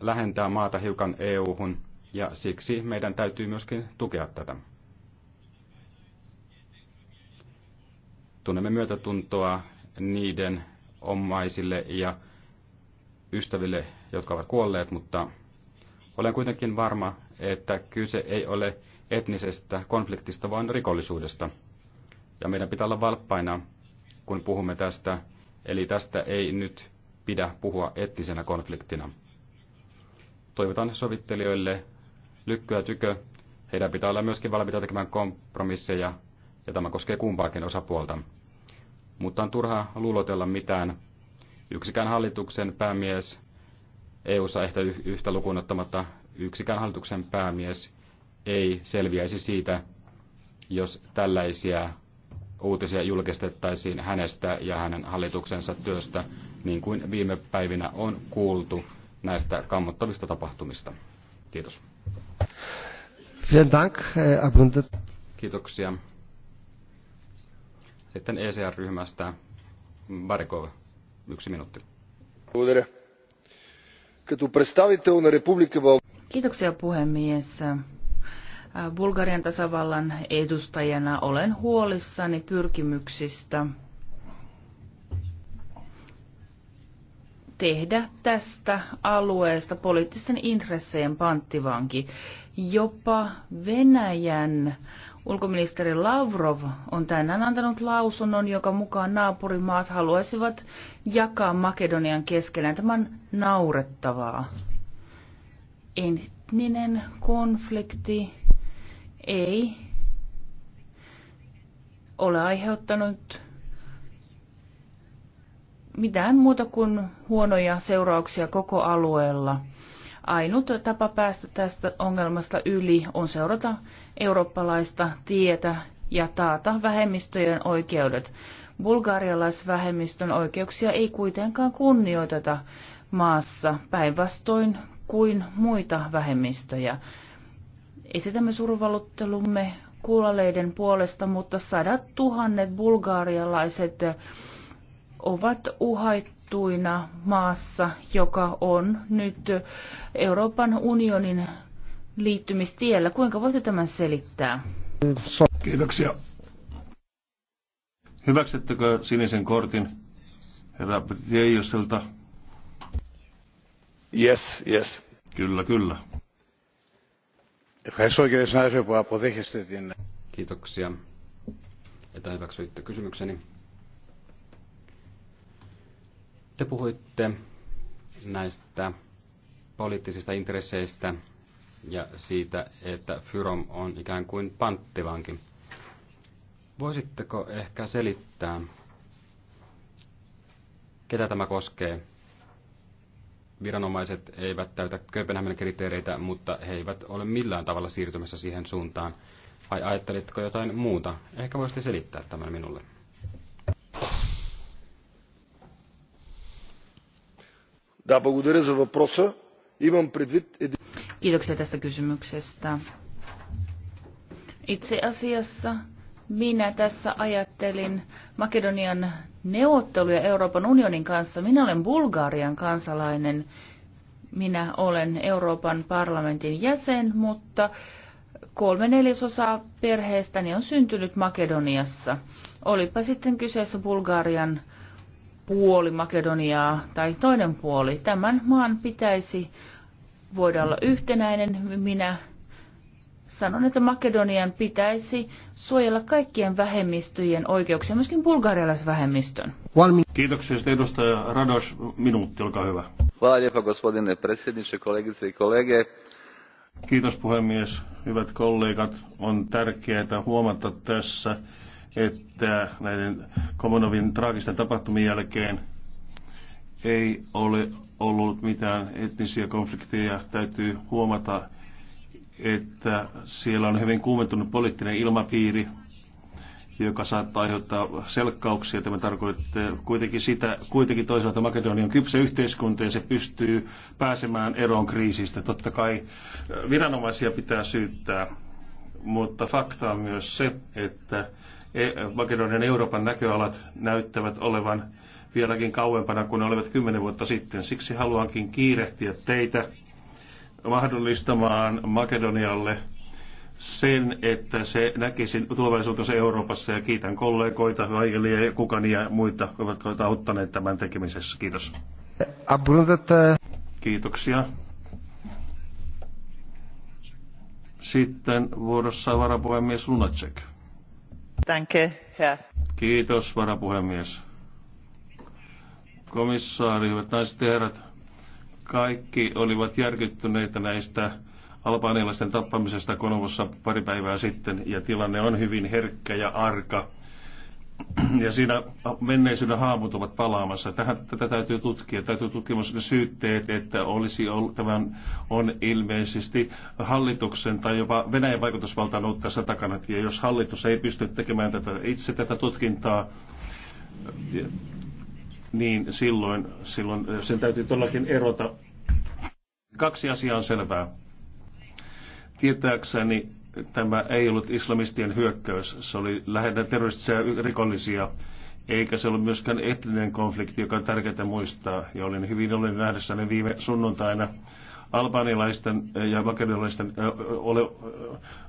lähentää maata hiukan EU-hun ja siksi meidän täytyy myöskin tukea tätä. Tunnemme myötätuntoa niiden omaisille ja ystäville, jotka ovat kuolleet, mutta olen kuitenkin varma, että kyse ei ole etnisestä konfliktista, vaan rikollisuudesta. Ja meidän pitää olla valppaina, kun puhumme tästä, eli tästä ei nyt pidä puhua etnisenä konfliktina. Toivotan sovittelijoille lykkyä tykö. Heidän pitää olla myöskin valmiita tekemään kompromisseja, ja tämä koskee kumpaakin osapuolta. Mutta on turhaa luulotella mitään Yksikään hallituksen päämies, EU-ssa ehkä yhtä lukuun ottamatta yksikään hallituksen päämies ei selviäisi siitä, jos tällaisia uutisia julkistettaisiin hänestä ja hänen hallituksensa työstä, niin kuin viime päivinä on kuultu näistä kammottavista tapahtumista. Kiitos. Kiitoksia. Sitten ECR-ryhmästä Barikova. Yksi minuutti. Kiitoksia puhemies. Bulgarian tasavallan edustajana olen huolissani pyrkimyksistä tehdä tästä alueesta poliittisten intressejen panttivanki. Jopa Venäjän äh, Ulkoministeri Lavrov on tänään antanut lausunnon, joka mukaan naapurimaat haluaisivat jakaa Makedonian keskenään. Tämä on naurettavaa. Etninen konflikti ei ole aiheuttanut mitään muuta kuin huonoja seurauksia koko alueella – ainut tapa päästä tästä ongelmasta yli on seurata eurooppalaista tietä ja taata vähemmistöjen oikeudet. Bulgarialaisvähemmistön oikeuksia ei kuitenkaan kunnioiteta maassa päinvastoin kuin muita vähemmistöjä. Esitämme survalluttelumme kuulaleiden puolesta, mutta sadat tuhannet bulgaarialaiset ovat uhaittuina maassa, joka on nyt Euroopan unionin liittymistiellä. Kuinka voitte tämän selittää? Kiitoksia. Hyväksyttekö sinisen kortin herra Jeijoselta? Yes, yes. Kyllä, kyllä. Kiitoksia, että hyväksyitte kysymykseni. Te puhuitte näistä poliittisista intresseistä ja siitä, että Fyrom on ikään kuin panttivanki. Voisitteko ehkä selittää, ketä tämä koskee? Viranomaiset eivät täytä Kööpenhaminan kriteereitä, mutta he eivät ole millään tavalla siirtymässä siihen suuntaan. Vai ajattelitko jotain muuta? Ehkä voisitte selittää tämän minulle. Kiitoksia tästä kysymyksestä. Itse asiassa minä tässä ajattelin Makedonian neuvotteluja Euroopan unionin kanssa. Minä olen Bulgarian kansalainen. Minä olen Euroopan parlamentin jäsen, mutta kolme neljäsosaa perheestäni on syntynyt Makedoniassa. Olipa sitten kyseessä Bulgarian puoli Makedoniaa tai toinen puoli. Tämän maan pitäisi voida olla yhtenäinen. Minä sanon, että Makedonian pitäisi suojella kaikkien vähemmistöjen oikeuksia, myöskin bulgarialaisvähemmistön. Kiitoksia. Sitten edustaja Rados, minuutti, olkaa hyvä. Hvala lijepa gospodine i Kiitos puhemies, hyvät kollegat. On tärkeää huomata tässä, että näiden Komonovin traagisten tapahtumien jälkeen ei ole ollut mitään etnisiä konflikteja. Täytyy huomata, että siellä on hyvin kuumentunut poliittinen ilmapiiri, joka saattaa aiheuttaa selkkauksia. Tämä tarkoittaa kuitenkin sitä, kuitenkin toisaalta Makedonia on kypsä yhteiskunta ja se pystyy pääsemään eroon kriisistä. Totta kai viranomaisia pitää syyttää, mutta fakta on myös se, että E, Makedonian Euroopan näköalat näyttävät olevan vieläkin kauempana kuin ne olivat kymmenen vuotta sitten. Siksi haluankin kiirehtiä teitä mahdollistamaan Makedonialle sen, että se näkisi tulevaisuutensa Euroopassa ja kiitän kollegoita, Railia ja Kukania ja muita, jotka ovat auttaneet tämän tekemisessä. Kiitos. Kiitoksia. Sitten vuorossa varapuhemies Lunacek. Danke, Herr. Kiitos, varapuhemies. Komissaari, hyvät naiset ja herrat, kaikki olivat järkyttyneitä näistä albanialaisten tappamisesta Konovossa pari päivää sitten, ja tilanne on hyvin herkkä ja arka ja siinä menneisyyden haamut ovat palaamassa. Tähän, tätä täytyy tutkia. Täytyy tutkia ne syytteet, että olisi ollut, tämän on ilmeisesti hallituksen tai jopa Venäjän vaikutusvalta ollut tässä takana. Ja jos hallitus ei pysty tekemään tätä, itse tätä tutkintaa, niin silloin, silloin sen täytyy todellakin erota. Kaksi asiaa on selvää. Tietääkseni tämä ei ollut islamistien hyökkäys, se oli lähinnä terroristisia rikollisia, eikä se ollut myöskään etninen konflikti, joka on tärkeää muistaa. Ja olin hyvin olin nähdessäni viime sunnuntaina albanilaisten ja makedonilaisten ole,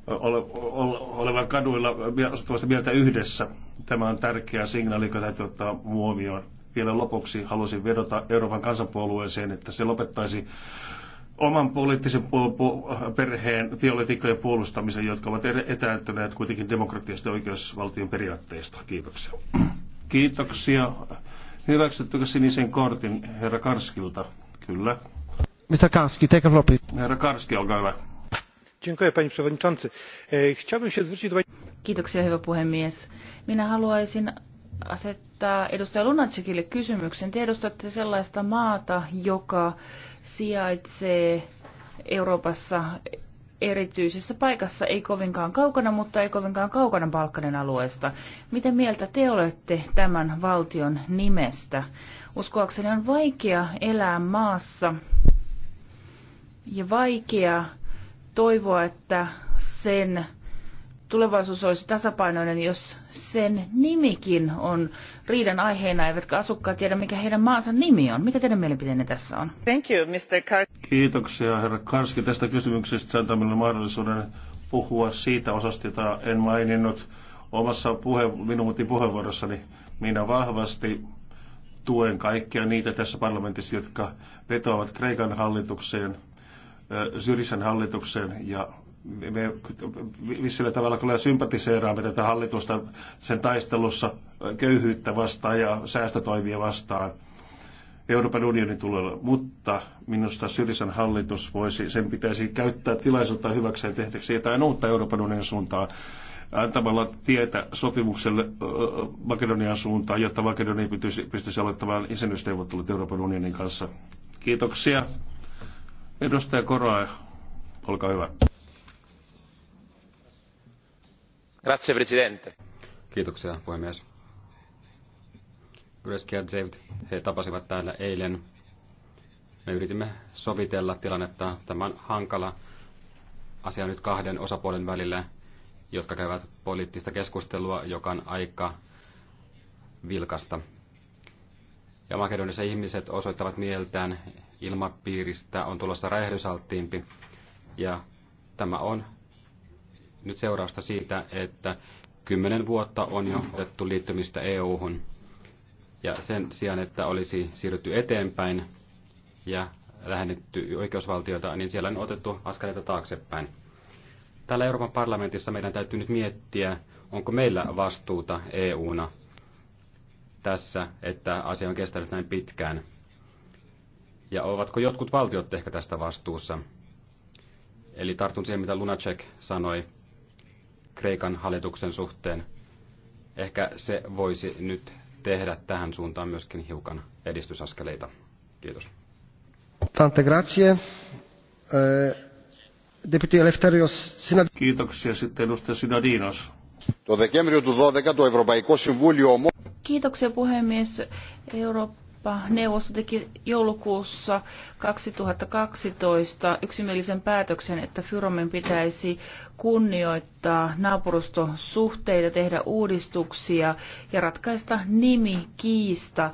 ole, ole, olevan kaduilla osoittavasta mieltä yhdessä. Tämä on tärkeä signaali, joka täytyy ottaa huomioon. Vielä lopuksi haluaisin vedota Euroopan kansanpuolueeseen, että se lopettaisi oman poliittisen perheen biolitikkojen puolustamisen, jotka ovat etääntyneet kuitenkin demokratiasta ja oikeusvaltion periaatteista. Kiitoksia. Kiitoksia. Hyväksyttykö sinisen kortin herra Karskilta? Kyllä. Mr. Karski, take a floor, Herra Karski, olkaa hyvä. E, Kiitoksia, hyvä puhemies. Minä haluaisin asettaa edustaja Lunatsikille kysymyksen. Tiedostatte sellaista maata, joka sijaitsee Euroopassa erityisessä paikassa, ei kovinkaan kaukana, mutta ei kovinkaan kaukana Balkanin alueesta. Mitä mieltä te olette tämän valtion nimestä? Uskoakseni on vaikea elää maassa ja vaikea toivoa, että sen tulevaisuus olisi tasapainoinen, jos sen nimikin on riidan aiheena, eivätkä asukkaat tiedä, mikä heidän maansa nimi on. Mikä teidän mielipiteenne tässä on? Thank you, Mr. Kar- Kiitoksia, herra Karski, tästä kysymyksestä. Se minulle mahdollisuuden puhua siitä osasta, jota en maininnut omassa puhe, minuutin puheenvuorossani. Minä vahvasti tuen kaikkia niitä tässä parlamentissa, jotka vetoavat Kreikan hallitukseen, Syrisen hallitukseen ja me vissillä tavalla kyllä sympatiseeraamme tätä hallitusta sen taistelussa äh, köyhyyttä vastaan ja säästötoimia vastaan Euroopan unionin tulella, mutta minusta Syrisan hallitus voisi, sen pitäisi käyttää tilaisuutta hyväkseen tehdäksi jotain uutta Euroopan unionin suuntaan antamalla tietä sopimukselle Makedonian suuntaan, jotta Makedonia pystyisi, pystyisi aloittamaan isännysneuvottelut Euroopan unionin kanssa. Kiitoksia. Edustaja Koroa, olkaa hyvä. arvoisa Kiitoksia, puhemies. Greski ja David, he tapasivat täällä eilen. Me yritimme sovitella tilannetta. Tämä on hankala asia nyt kahden osapuolen välillä, jotka käyvät poliittista keskustelua, joka on aika vilkasta. Ja Makedonissa ihmiset osoittavat mieltään, ilmapiiristä on tulossa räjähdysalttiimpi, ja tämä on nyt seurausta siitä, että kymmenen vuotta on jo otettu liittymistä EU-hun. Ja sen sijaan, että olisi siirrytty eteenpäin ja lähennetty oikeusvaltiota, niin siellä on otettu askeleita taaksepäin. Täällä Euroopan parlamentissa meidän täytyy nyt miettiä, onko meillä vastuuta EUna tässä, että asia on kestänyt näin pitkään. Ja ovatko jotkut valtiot ehkä tästä vastuussa? Eli tartun siihen, mitä Lunacek sanoi Kreikan hallituksen suhteen. Ehkä se voisi nyt tehdä tähän suuntaan myöskin hiukan edistysaskeleita. Kiitos. Tante grazie. Eh, deputy Eleftherios Kiitoksia sitten edustaja Sinadinos. Kiitoksia puhemies. Eurooppa Eurooppa-neuvosto teki joulukuussa 2012 yksimielisen päätöksen, että Fyromen pitäisi kunnioittaa naapurustosuhteita, tehdä uudistuksia ja ratkaista kiista,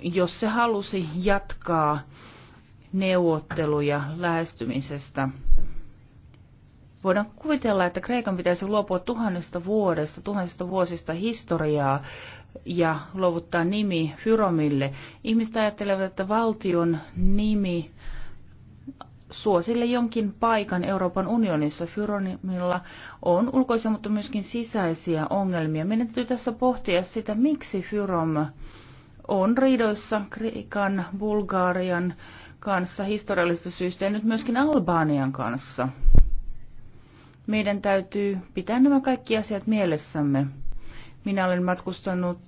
jos se halusi jatkaa neuvotteluja lähestymisestä. Voidaan kuvitella, että Kreikan pitäisi luopua tuhannesta vuodesta, tuhansista vuosista historiaa, ja luovuttaa nimi Fyromille. Ihmiset ajattelevat, että valtion nimi suosille jonkin paikan Euroopan unionissa. Fyronimilla on ulkoisia, mutta myöskin sisäisiä ongelmia. Meidän täytyy tässä pohtia sitä, miksi Fyrom on riidoissa Kreikan, Bulgarian kanssa historiallisista syistä ja nyt myöskin Albanian kanssa. Meidän täytyy pitää nämä kaikki asiat mielessämme. Minä olen matkustanut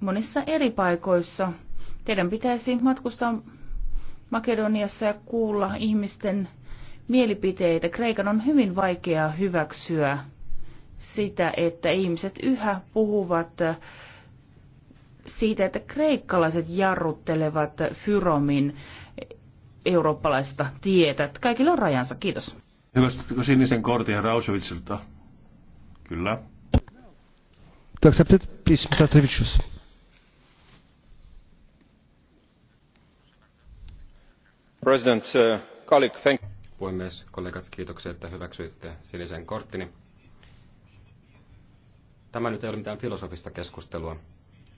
monissa eri paikoissa. Teidän pitäisi matkustaa Makedoniassa ja kuulla ihmisten mielipiteitä. Kreikan on hyvin vaikea hyväksyä sitä, että ihmiset yhä puhuvat siitä, että kreikkalaiset jarruttelevat Fyromin eurooppalaista tietä. Kaikilla on rajansa. Kiitos. Hyvästä sinisen kortin Rausovitsilta. Kyllä to Please, Mr. Trevicius. President, uh, colleague, thank Puhemies, kollegat, kiitoksia, että hyväksyitte sinisen korttini. Tämä nyt ei ole mitään filosofista keskustelua.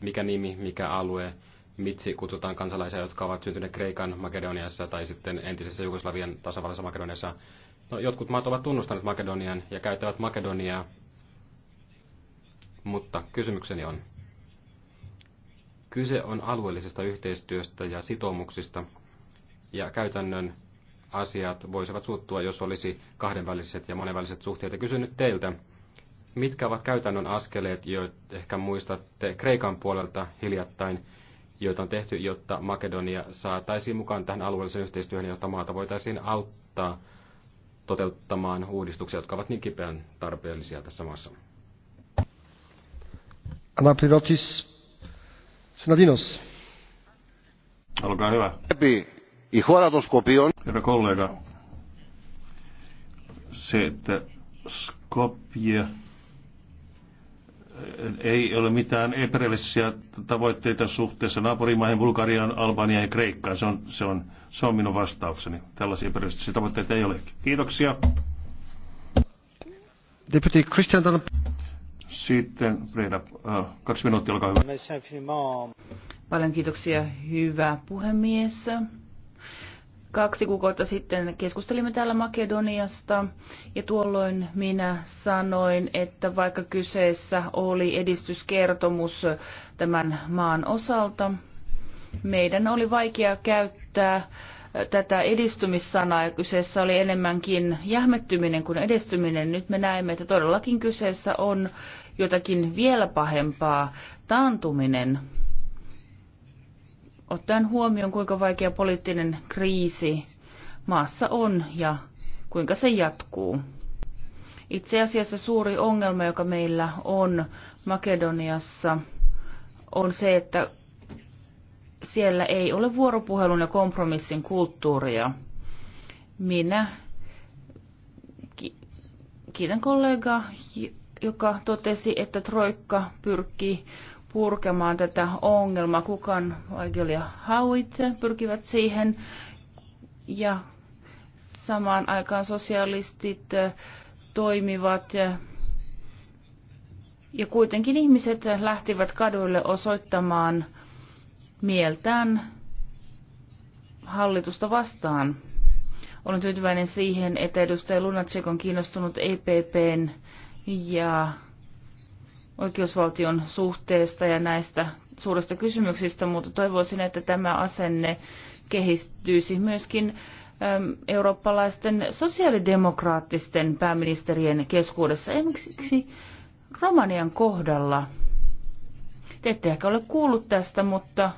Mikä nimi, mikä alue, miksi kutsutaan kansalaisia, jotka ovat syntyneet Kreikan, Makedoniassa tai sitten entisessä Jugoslavian tasavallassa Makedoniassa. No, jotkut maat ovat tunnustaneet Makedonian ja käyttävät Makedoniaa mutta kysymykseni on, kyse on alueellisesta yhteistyöstä ja sitoumuksista, ja käytännön asiat voisivat suuttua, jos olisi kahdenväliset ja monenväliset suhteet. Ja kysyn nyt teiltä, mitkä ovat käytännön askeleet, joita ehkä muistatte Kreikan puolelta hiljattain, joita on tehty, jotta Makedonia saataisiin mukaan tähän alueelliseen yhteistyöhön, jotta maata voitaisiin auttaa toteuttamaan uudistuksia, jotka ovat niin kipeän tarpeellisia tässä maassa. Anapirotis Synadinos. Olkaa hyvä. Herra kollega, se, että Skopje eh, ei ole mitään epärealistisia tavoitteita suhteessa naapurimaihin, Bulgariaan, Albaniaan ja Kreikkaan. Se on, se on, se on minun vastaukseni. Tällaisia epärealistisia tavoitteita ei ole. Kiitoksia. Deputy Christian Dan... Sitten Freda, äh, kaksi minuuttia, olkaa hyvä. Paljon kiitoksia, hyvä puhemies. Kaksi kuukautta sitten keskustelimme täällä Makedoniasta ja tuolloin minä sanoin, että vaikka kyseessä oli edistyskertomus tämän maan osalta, meidän oli vaikea käyttää tätä edistymissanaa ja kyseessä oli enemmänkin jähmettyminen kuin edistyminen. Nyt me näemme, että todellakin kyseessä on jotakin vielä pahempaa, taantuminen. Ottaen huomioon, kuinka vaikea poliittinen kriisi maassa on ja kuinka se jatkuu. Itse asiassa suuri ongelma, joka meillä on Makedoniassa, on se, että siellä ei ole vuoropuhelun ja kompromissin kulttuuria. Minä kiitän kollegaa, joka totesi, että Troikka pyrkii purkemaan tätä ongelmaa. Kukan Weigel ja Hauit pyrkivät siihen. Ja samaan aikaan sosialistit toimivat. Ja kuitenkin ihmiset lähtivät kaduille osoittamaan mieltään hallitusta vastaan. Olen tyytyväinen siihen, että edustaja Lunacek on kiinnostunut EPPn ja oikeusvaltion suhteesta ja näistä suurista kysymyksistä, mutta toivoisin, että tämä asenne kehittyisi myöskin eurooppalaisten sosiaalidemokraattisten pääministerien keskuudessa, esimerkiksi Romanian kohdalla. Te ette ehkä ole kuullut tästä, mutta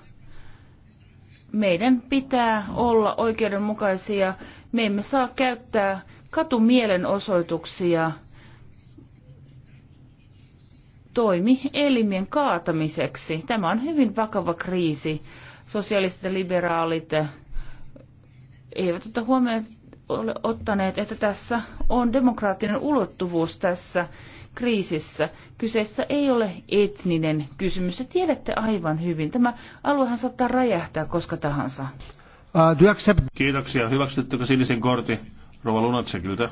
meidän pitää olla oikeudenmukaisia. Me emme saa käyttää katumielenosoituksia elimien kaatamiseksi. Tämä on hyvin vakava kriisi. Sosiaaliset ja liberaalit eivät ota huomioon ole ottaneet, että tässä on demokraattinen ulottuvuus tässä kriisissä. Kyseessä ei ole etninen kysymys. Se tiedätte aivan hyvin. Tämä aluehan saattaa räjähtää koska tahansa. Uh, Kiitoksia. Hyväksyttekö sinisen kortin Rova Lunatsekiltä?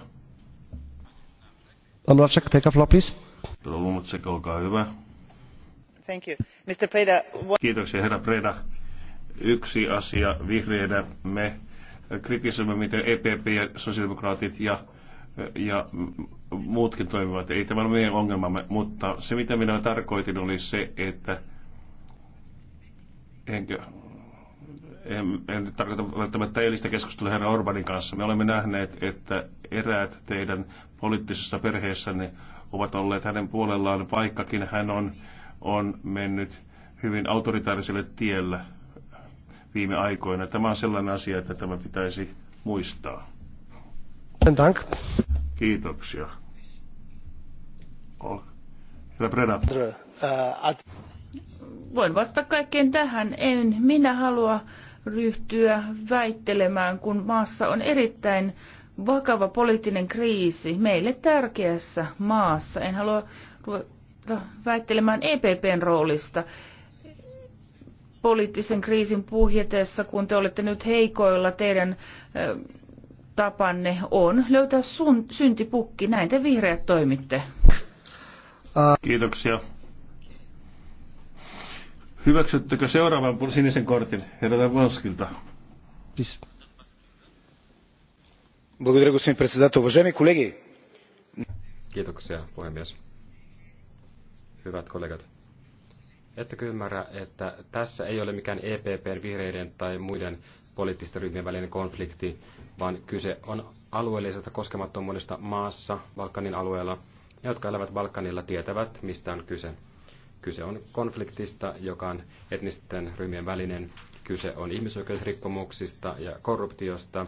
Lunatsek, take a floor, please. Lunatsek, olkaa hyvä. Thank you. Mr. Preda, what... Kiitoksia, herra Preda. Yksi asia vihreänä. Me kritisoimme, miten EPP ja sosiaalidemokraatit ja ja muutkin toimivat. Ei tämä ole meidän ongelmamme, mutta se mitä minä tarkoitin oli se, että enkö, en, en tarkoita välttämättä eilistä keskustelua herra Orbanin kanssa. Me olemme nähneet, että eräät teidän poliittisessa perheessänne ovat olleet hänen puolellaan, vaikkakin hän on, on mennyt hyvin autoritaariselle tiellä viime aikoina. Tämä on sellainen asia, että tämä pitäisi muistaa tank. Kiitoksia. Hyvä oh. Brenna. Voin vastata kaikkeen tähän. En minä halua ryhtyä väittelemään, kun maassa on erittäin vakava poliittinen kriisi meille tärkeässä maassa. En halua ruveta väittelemään EPPn roolista poliittisen kriisin puhjetessa, kun te olette nyt heikoilla teidän tapanne on löytää sun syntipukki. Näin te vihreät toimitte. Kiitoksia. Hyväksyttekö seuraavan sinisen kortin herra Vanskilta? Siis. Kiitoksia, puhemies. Hyvät kollegat. Ettekö ymmärrä, että tässä ei ole mikään EPP, vihreiden tai muiden poliittisten ryhmien välinen konflikti, vaan kyse on alueellisesta koskemattomuudesta maassa Balkanin alueella. Ne, jotka elävät Balkanilla, tietävät, mistä on kyse. Kyse on konfliktista, joka on etnisten ryhmien välinen. Kyse on ihmisoikeusrikkomuksista ja korruptiosta.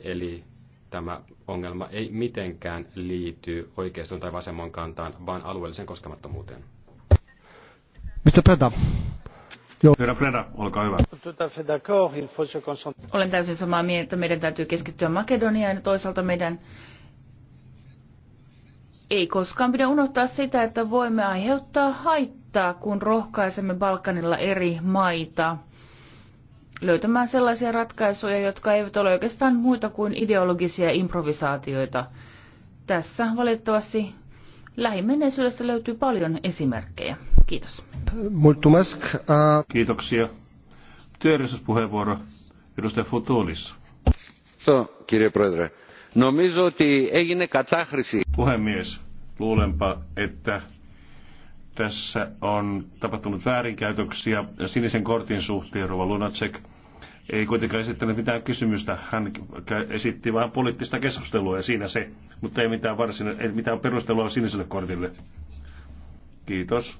Eli tämä ongelma ei mitenkään liity oikeiston tai vasemman kantaan, vaan alueelliseen koskemattomuuteen. Mr. Preda, olen täysin samaa mieltä, että meidän täytyy keskittyä Makedoniaan ja toisaalta meidän ei koskaan pidä unohtaa sitä, että voimme aiheuttaa haittaa, kun rohkaisemme Balkanilla eri maita löytämään sellaisia ratkaisuja, jotka eivät ole oikeastaan muita kuin ideologisia improvisaatioita. Tässä valitettavasti lähimenneisyydestä löytyy paljon esimerkkejä. Kiitos. Multumask. Kiitoksia. Työllisyyspuheenvuoro. Edustaja Futulis. Kirje Proedre. Νομίζω ei έγινε κατάχρηση. Puhemies, luulenpa, että tässä on tapahtunut väärinkäytöksiä sinisen kortin suhteen, Rova Lunacek ei kuitenkaan esittänyt mitään kysymystä. Hän esitti vähän poliittista keskustelua ja siinä se, mutta ei mitään, varsina, ei mitään perustelua siniselle kortille. Kiitos.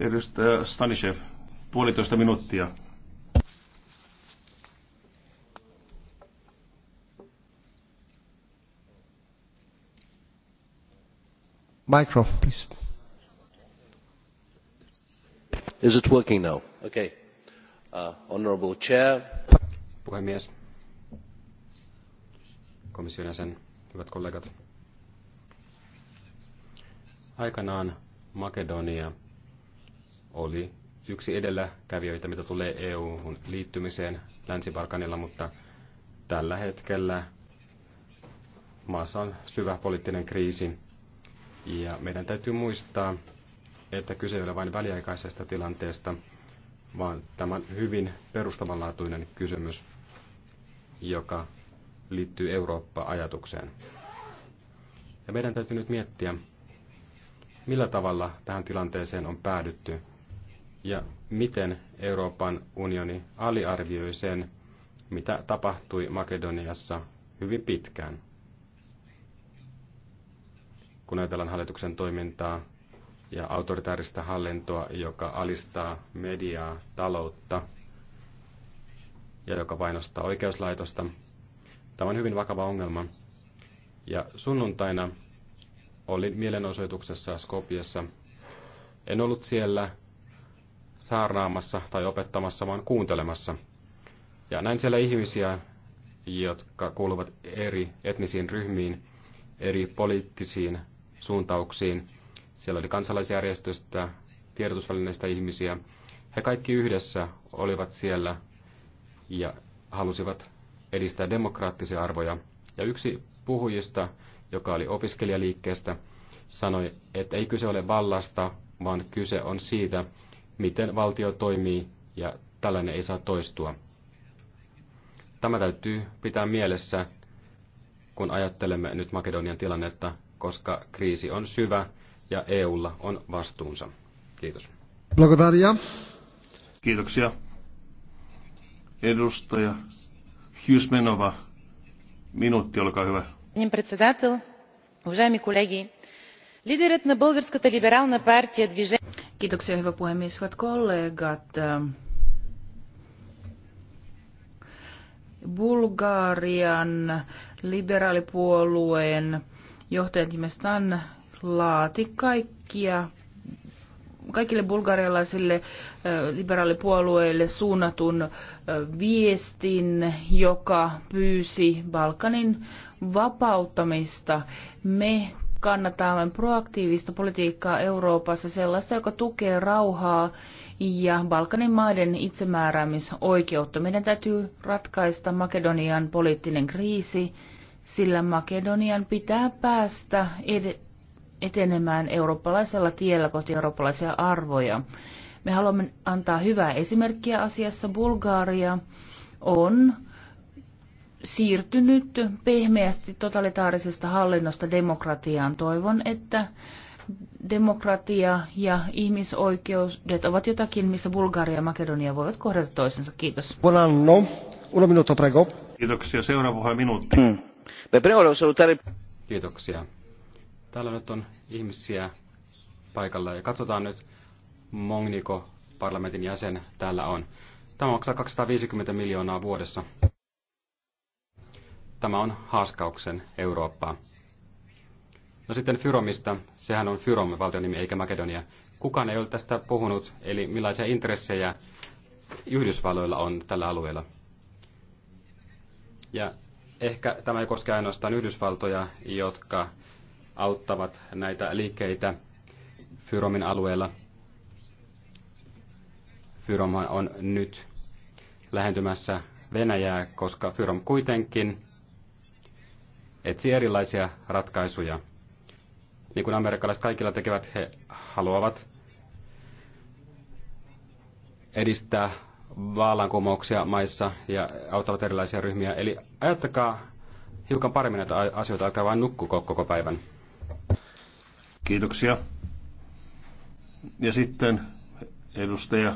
Edustaja Stanishev, puolitoista minuuttia. Micro, please. Is it working now? Okay. Uh, honorable chair. Puhemies. Komission jäsen, hyvät kollegat. Aikanaan Makedonia oli yksi edelläkävijöitä, mitä tulee eu liittymiseen Länsi-Balkanilla, mutta tällä hetkellä maassa on syvä poliittinen kriisi. Ja meidän täytyy muistaa, että kyse ei ole vain väliaikaisesta tilanteesta, vaan tämän hyvin perustavanlaatuinen kysymys, joka liittyy Eurooppa-ajatukseen. Ja meidän täytyy nyt miettiä, millä tavalla tähän tilanteeseen on päädytty ja miten Euroopan unioni aliarvioi sen, mitä tapahtui Makedoniassa hyvin pitkään. Kun ajatellaan hallituksen toimintaa ja autoritaarista hallintoa, joka alistaa mediaa, taloutta ja joka painostaa oikeuslaitosta, tämä on hyvin vakava ongelma. Ja sunnuntaina olin mielenosoituksessa Skopiassa. En ollut siellä saarnaamassa tai opettamassa, vaan kuuntelemassa. Ja näin siellä ihmisiä, jotka kuuluvat eri etnisiin ryhmiin, eri poliittisiin suuntauksiin. Siellä oli kansalaisjärjestöstä, tiedotusvälineistä ihmisiä. He kaikki yhdessä olivat siellä ja halusivat edistää demokraattisia arvoja. Ja yksi puhujista, joka oli opiskelijaliikkeestä, sanoi, että ei kyse ole vallasta, vaan kyse on siitä, miten valtio toimii ja tällainen ei saa toistua. Tämä täytyy pitää mielessä, kun ajattelemme nyt Makedonian tilannetta, koska kriisi on syvä ja EUlla on vastuunsa. Kiitos. Blogodaria. Kiitoksia. Edustaja Hysmenova, minuutti, olkaa hyvä. Господин председател, уважаеми колеги, лидерът на Българската либерална партия Kiitoksia, hyvä puhemies. Hyvät kollegat, ähm, Bulgarian liberaalipuolueen johtajan Timestan laati kaikkia kaikille bulgarialaisille äh, liberaalipuolueille suunnatun äh, viestin, joka pyysi Balkanin vapauttamista. Me kannatamme proaktiivista politiikkaa Euroopassa, sellaista, joka tukee rauhaa ja Balkanin maiden itsemääräämisoikeutta. Meidän täytyy ratkaista Makedonian poliittinen kriisi, sillä Makedonian pitää päästä etenemään eurooppalaisella tiellä kohti eurooppalaisia arvoja. Me haluamme antaa hyvää esimerkkiä asiassa. Bulgaria on siirtynyt pehmeästi totalitaarisesta hallinnosta demokratiaan. Toivon, että demokratia ja ihmisoikeudet ovat jotakin, missä Bulgaria ja Makedonia voivat kohdata toisensa. Kiitos. Buonanno. Uno minuto, prego. Kiitoksia. Seuraava minuutti. Hmm. Kiitoksia. Täällä nyt on ihmisiä paikalla ja katsotaan nyt Mongniko parlamentin jäsen täällä on. Tämä maksaa 250 miljoonaa vuodessa. Tämä on haaskauksen Eurooppaa. No sitten Fyromista. Sehän on Fyrom valtion nimi eikä Makedonia. Kukaan ei ole tästä puhunut, eli millaisia intressejä Yhdysvalloilla on tällä alueella. Ja ehkä tämä ei koske ainoastaan Yhdysvaltoja, jotka auttavat näitä liikkeitä Fyromin alueella. Fyrom on nyt lähentymässä Venäjää, koska Fyrom kuitenkin etsii erilaisia ratkaisuja. Niin kuin amerikkalaiset kaikilla tekevät, he haluavat edistää vallankumouksia maissa ja auttavat erilaisia ryhmiä. Eli ajattakaa hiukan paremmin näitä asioita, älkää vain nukkuko koko päivän. Kiitoksia. Ja sitten edustaja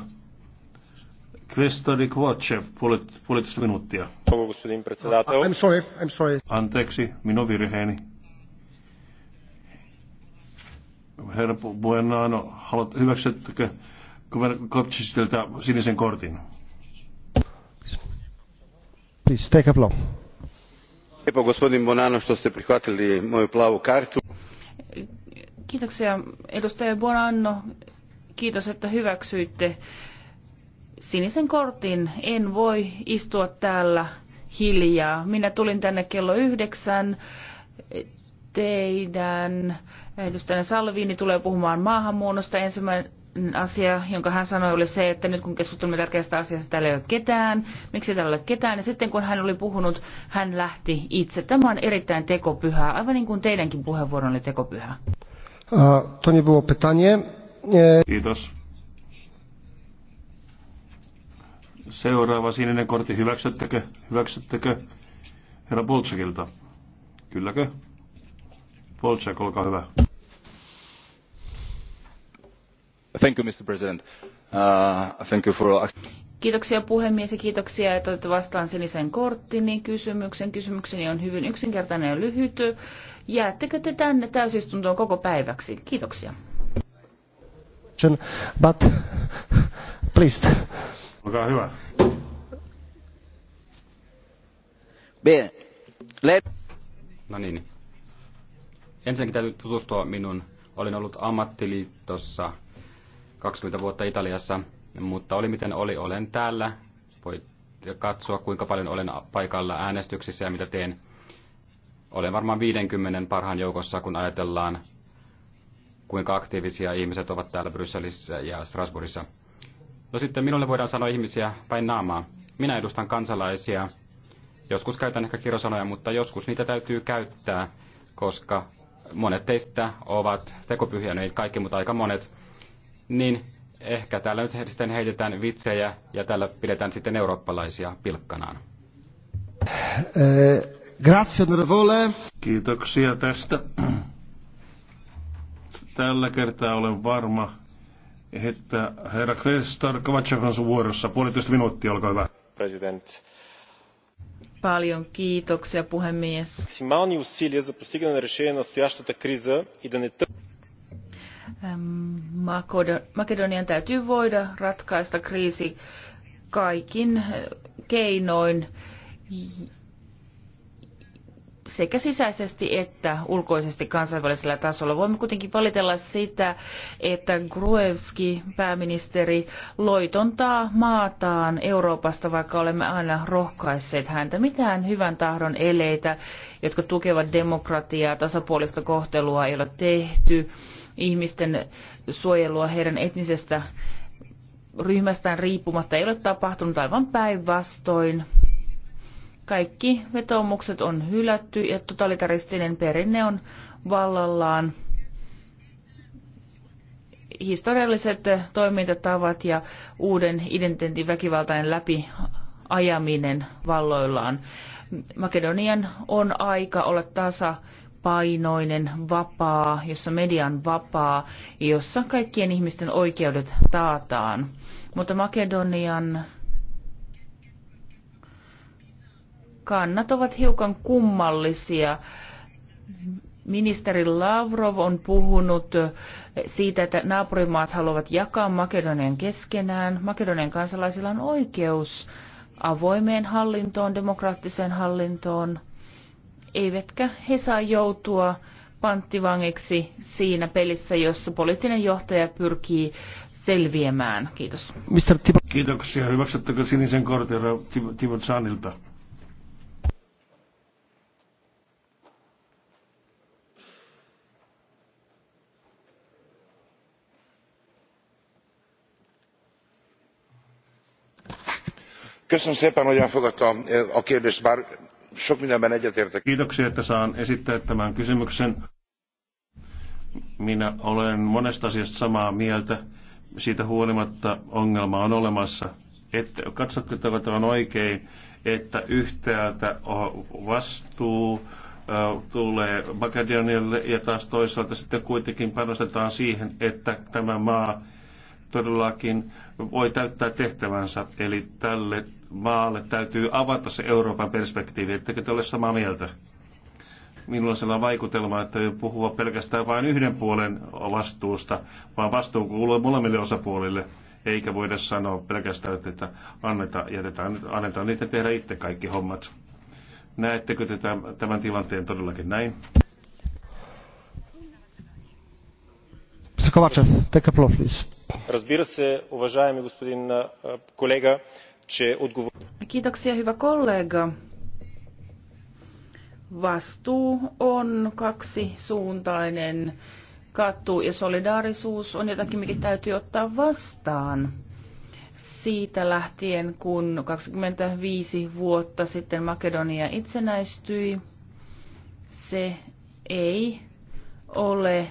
Kvestori Kvatsev, puolitoista minuuttia. I'm sorry, I'm sorry. Anteeksi, minun virheeni. Herra Buenano, haluat, hyväksyttekö Kovtsisilta sinisen kortin? Please, take a blow. Lijepo gospodin Bonano što ste prihvatili moju plavu kartu. Kiitoksia edustaja Bonanno. Kiitos, että hyväksyitte sinisen kortin. En voi istua täällä hiljaa. Minä tulin tänne kello yhdeksän. Teidän edustajana Salviini tulee puhumaan maahanmuunnosta. Ensimmäinen asia, jonka hän sanoi, oli se, että nyt kun keskustelimme tärkeästä asiasta, täällä ei ole ketään. Miksi täällä ei ole ketään? Ja sitten kun hän oli puhunut, hän lähti itse. Tämä on erittäin tekopyhää, aivan niin kuin teidänkin puheenvuoronne oli tekopyhää. Uh, to nie pytanie. E- Kiitos. Seuraava sininen kortti, hyväksyttekö? Hyväksyttekö? Herra Polchakilta. Kylläkö? Polchak, olkaa hyvä. Thank you, Mr. President. Uh, thank you for... Kiitoksia puhemies ja kiitoksia, että olet vastaan sinisen korttini kysymyksen. Kysymykseni on hyvin yksinkertainen ja lyhyt. Jäättekö te tänne täysistuntoon koko päiväksi? Kiitoksia. But, please. Olkaa hyvä. Bien. Le- no niin. Ensinnäkin täytyy tutustua minun. Olin ollut ammattiliitossa 20 vuotta Italiassa, mutta oli miten oli, olen täällä. Voit katsoa, kuinka paljon olen paikalla äänestyksissä ja mitä teen. Olen varmaan 50 parhaan joukossa, kun ajatellaan, kuinka aktiivisia ihmiset ovat täällä Brysselissä ja Strasbourgissa. No sitten minulle voidaan sanoa ihmisiä päin naamaa. Minä edustan kansalaisia. Joskus käytän ehkä kirosanoja, mutta joskus niitä täytyy käyttää, koska monet teistä ovat tekopyhiä, niin kaikki, mutta aika monet. Niin ehkä täällä nyt sitten heitetään vitsejä ja täällä pidetään sitten eurooppalaisia pilkkanaan. Eh, grazie, Kiitoksia tästä. Tällä kertaa olen varma, että herra Kvestar Kovacev on vuorossa. Puolitoista minuuttia, olkaa hyvä. President. Paljon kiitoksia, puhemies. Максимални усилия за постигане на решение на настоящата криза и Makedonian täytyy voida ratkaista kriisi kaikin keinoin sekä sisäisesti että ulkoisesti kansainvälisellä tasolla. Voimme kuitenkin valitella sitä, että Gruevski pääministeri loitontaa maataan Euroopasta, vaikka olemme aina rohkaisseet häntä mitään hyvän tahdon eleitä, jotka tukevat demokratiaa, tasapuolista kohtelua ei ole tehty, ihmisten suojelua heidän etnisestä ryhmästään riippumatta ei ole tapahtunut aivan päinvastoin. Kaikki vetoomukset on hylätty ja totalitaristinen perinne on vallallaan. Historialliset toimintatavat ja uuden identiteetin väkivaltainen läpi ajaminen valloillaan. Makedonian on aika olla tasapainoinen, vapaa, jossa media on vapaa, jossa kaikkien ihmisten oikeudet taataan. Mutta Makedonian kannat ovat hiukan kummallisia. Ministeri Lavrov on puhunut siitä, että naapurimaat haluavat jakaa Makedonian keskenään. Makedonian kansalaisilla on oikeus avoimeen hallintoon, demokraattiseen hallintoon, eivätkä he saa joutua panttivangiksi siinä pelissä, jossa poliittinen johtaja pyrkii selviämään. Kiitos. Kiitoksia. Hyväksyttekö sinisen kortin Timo Chanilta? köszönöm szépen hogy elfogadta eh, a kérdést bár sok mindenben egyetértek. Kiitoksia, että saan esittää tämän kysymyksen. Minä olen monesta asiasta samaa mieltä. Siitä huolimatta ongelma on olemassa. Että katsotteko tämän oikein, että yhtäältä vastuu eh, tulee Makedonialle ja taas toisaalta sitten kuitenkin panostetaan siihen, että tämä maa todellakin voi täyttää tehtävänsä. Eli tälle maalle täytyy avata se Euroopan perspektiivi. Ettekö te ole samaa mieltä? Minulla on sellainen vaikutelma, että ei puhua pelkästään vain yhden puolen vastuusta, vaan vastuu kuuluu molemmille osapuolille. Eikä voida sanoa pelkästään, että anneta, jätetään, annetaan niitä tehdä itse kaikki hommat. Näettekö te tämän tilanteen todellakin näin? Mr. Kovacev, take a floor, please. Разбира се, уважаеми господин колега, че отговор... Kiitoksia, hyvä kollega. Vastuu on kaksisuuntainen. Katu ja solidaarisuus on jotakin, mikä täytyy ottaa vastaan siitä lähtien, kun 25 vuotta sitten Makedonia itsenäistyi, se ei ole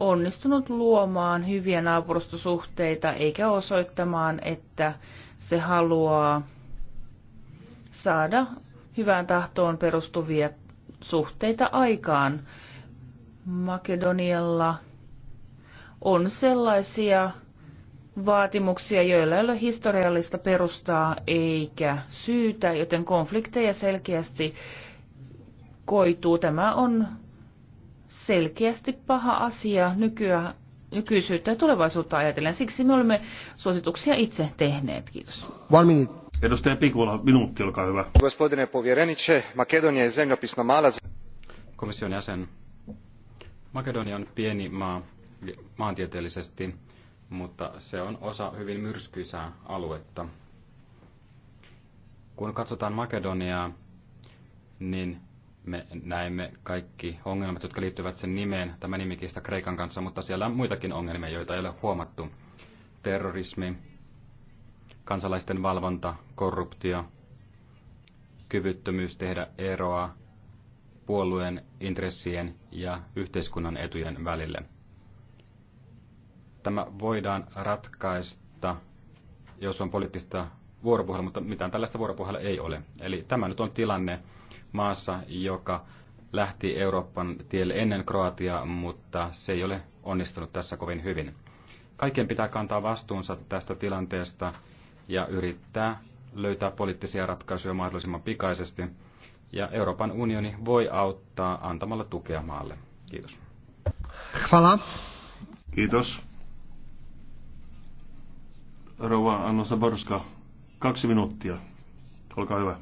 onnistunut luomaan hyviä naapurustosuhteita eikä osoittamaan, että se haluaa saada hyvään tahtoon perustuvia suhteita aikaan. Makedonialla on sellaisia vaatimuksia, joilla ei ole historiallista perustaa eikä syytä, joten konflikteja selkeästi koituu. Tämä on selkeästi paha asia nykyään nykyisyyttä ja tulevaisuutta ajatellen. Siksi me olemme suosituksia itse tehneet. Kiitos. Valmiin. Edustaja Pikula, minuutti, olkaa hyvä. Gospodine povjereniče, Makedonia je zemljopisno mala. Komission jäsen. Makedonia on pieni maa maantieteellisesti, mutta se on osa hyvin myrskyisää aluetta. Kun katsotaan Makedoniaa, niin me näemme kaikki ongelmat, jotka liittyvät sen nimeen, tämä nimikistä Kreikan kanssa, mutta siellä on muitakin ongelmia, joita ei ole huomattu. Terrorismi, kansalaisten valvonta, korruptio, kyvyttömyys tehdä eroa puolueen, intressien ja yhteiskunnan etujen välille. Tämä voidaan ratkaista, jos on poliittista vuoropuhelua, mutta mitään tällaista vuoropuhelua ei ole. Eli tämä nyt on tilanne, maassa, joka lähti Euroopan tielle ennen Kroatiaa, mutta se ei ole onnistunut tässä kovin hyvin. Kaiken pitää kantaa vastuunsa tästä tilanteesta ja yrittää löytää poliittisia ratkaisuja mahdollisimman pikaisesti. Ja Euroopan unioni voi auttaa antamalla tukea maalle. Kiitos. Hvala. Kiitos. Rouva Anna Saborska, kaksi minuuttia. Olkaa hyvä.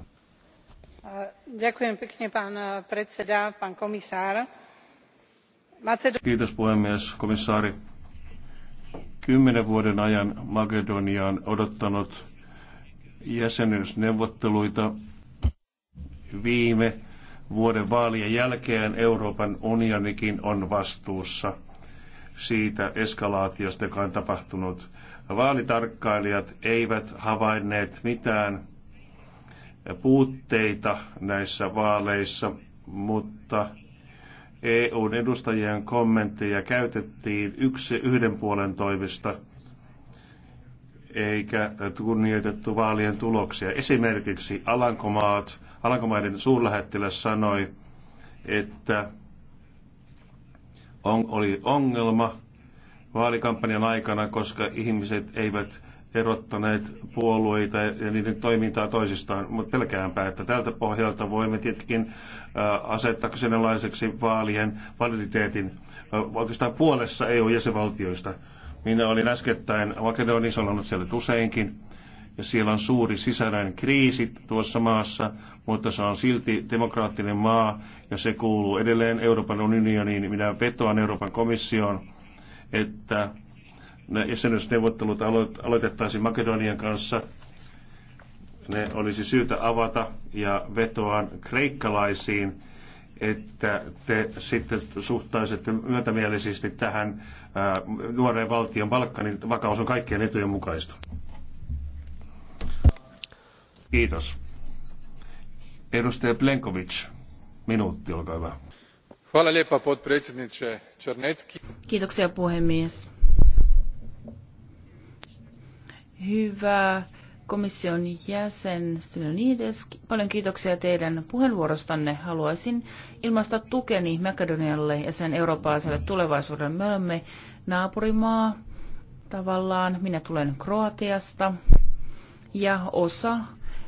Kiitos puhemies, komissaari. Kymmenen vuoden ajan Makedonia on odottanut jäsenyysneuvotteluita viime vuoden vaalien jälkeen Euroopan unionikin on vastuussa siitä eskalaatiosta, joka on tapahtunut. Vaalitarkkailijat eivät havainneet mitään puutteita näissä vaaleissa, mutta EUn edustajien kommentteja käytettiin yksi yhden puolen toimista eikä kunnioitettu vaalien tuloksia. Esimerkiksi Alankomaat, Alankomaiden suurlähettiläs sanoi, että on, oli ongelma vaalikampanjan aikana, koska ihmiset eivät erottaneet puolueita ja niiden toimintaa toisistaan, mutta pelkäänpä, että tältä pohjalta voimme tietenkin äh, asettaa kyseenalaiseksi vaalien validiteetin äh, oikeastaan puolessa EU-jäsenvaltioista. Minä olin äskettäin Makedonissa, on ollut siellä useinkin, ja siellä on suuri sisäinen kriisi tuossa maassa, mutta se on silti demokraattinen maa, ja se kuuluu edelleen Euroopan unioniin. Minä vetoan Euroopan komissioon, että jäsenyysneuvottelut aloitettaisiin Makedonian kanssa. Ne olisi syytä avata ja vetoaan kreikkalaisiin, että te sitten suhtaisitte myötämielisesti tähän nuoreen valtion Balkanin vakaus on kaikkien etujen mukaista. Kiitos. Edustaja Plenkovic, minuutti, olkaa hyvä. Hvala lijepa, potpredsjedniče Kiitoksia puhemies. Hyvä komission jäsen Stenonides, paljon kiitoksia teidän puheenvuorostanne. Haluaisin ilmaista tukeni Makedonialle ja sen eurooppalaiselle tulevaisuudelle. Me olemme naapurimaa tavallaan. Minä tulen Kroatiasta ja osa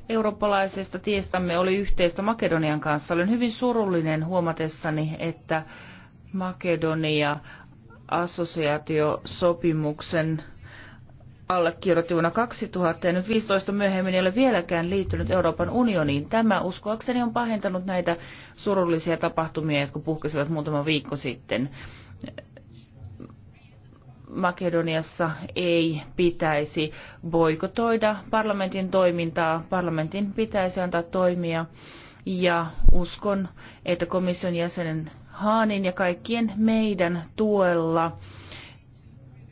eurooppalaisesta tiestämme oli yhteistä Makedonian kanssa. Olen hyvin surullinen huomatessani, että Makedonia assosiaatiosopimuksen allekirjoitti vuonna 2000 ja nyt 15 myöhemmin ei ole vieläkään liittynyt Euroopan unioniin. Tämä uskoakseni on pahentanut näitä surullisia tapahtumia, jotka puhkesivat muutama viikko sitten. Makedoniassa ei pitäisi boikotoida parlamentin toimintaa. Parlamentin pitäisi antaa toimia ja uskon, että komission jäsenen Haanin ja kaikkien meidän tuella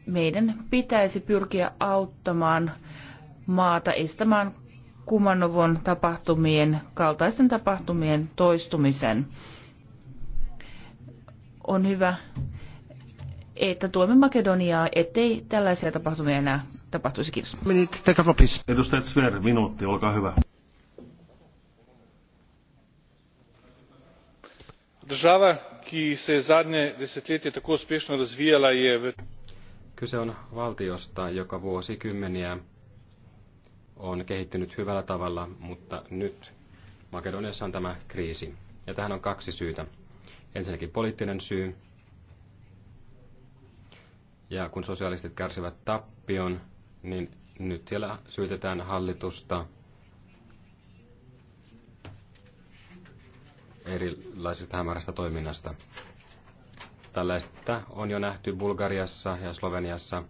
meidän pitäisi pyrkiä auttamaan maata estämään Kumanovon tapahtumien, kaltaisten tapahtumien toistumisen. On hyvä, että tuemme Makedoniaa, ettei tällaisia tapahtumia enää tapahtuisi. Kiitos. Edustaja Sver, minuutti, olkaa hyvä. Država, ki se je zadnje desetletje tako uspešno razvijala, je v Kyse on valtiosta, joka vuosikymmeniä on kehittynyt hyvällä tavalla, mutta nyt Makedoniassa on tämä kriisi. Ja tähän on kaksi syytä. Ensinnäkin poliittinen syy. Ja kun sosialistit kärsivät tappion, niin nyt siellä syytetään hallitusta erilaisesta hämärästä toiminnasta. Tällaista on jo nähty Bulgariassa ja Sloveniassa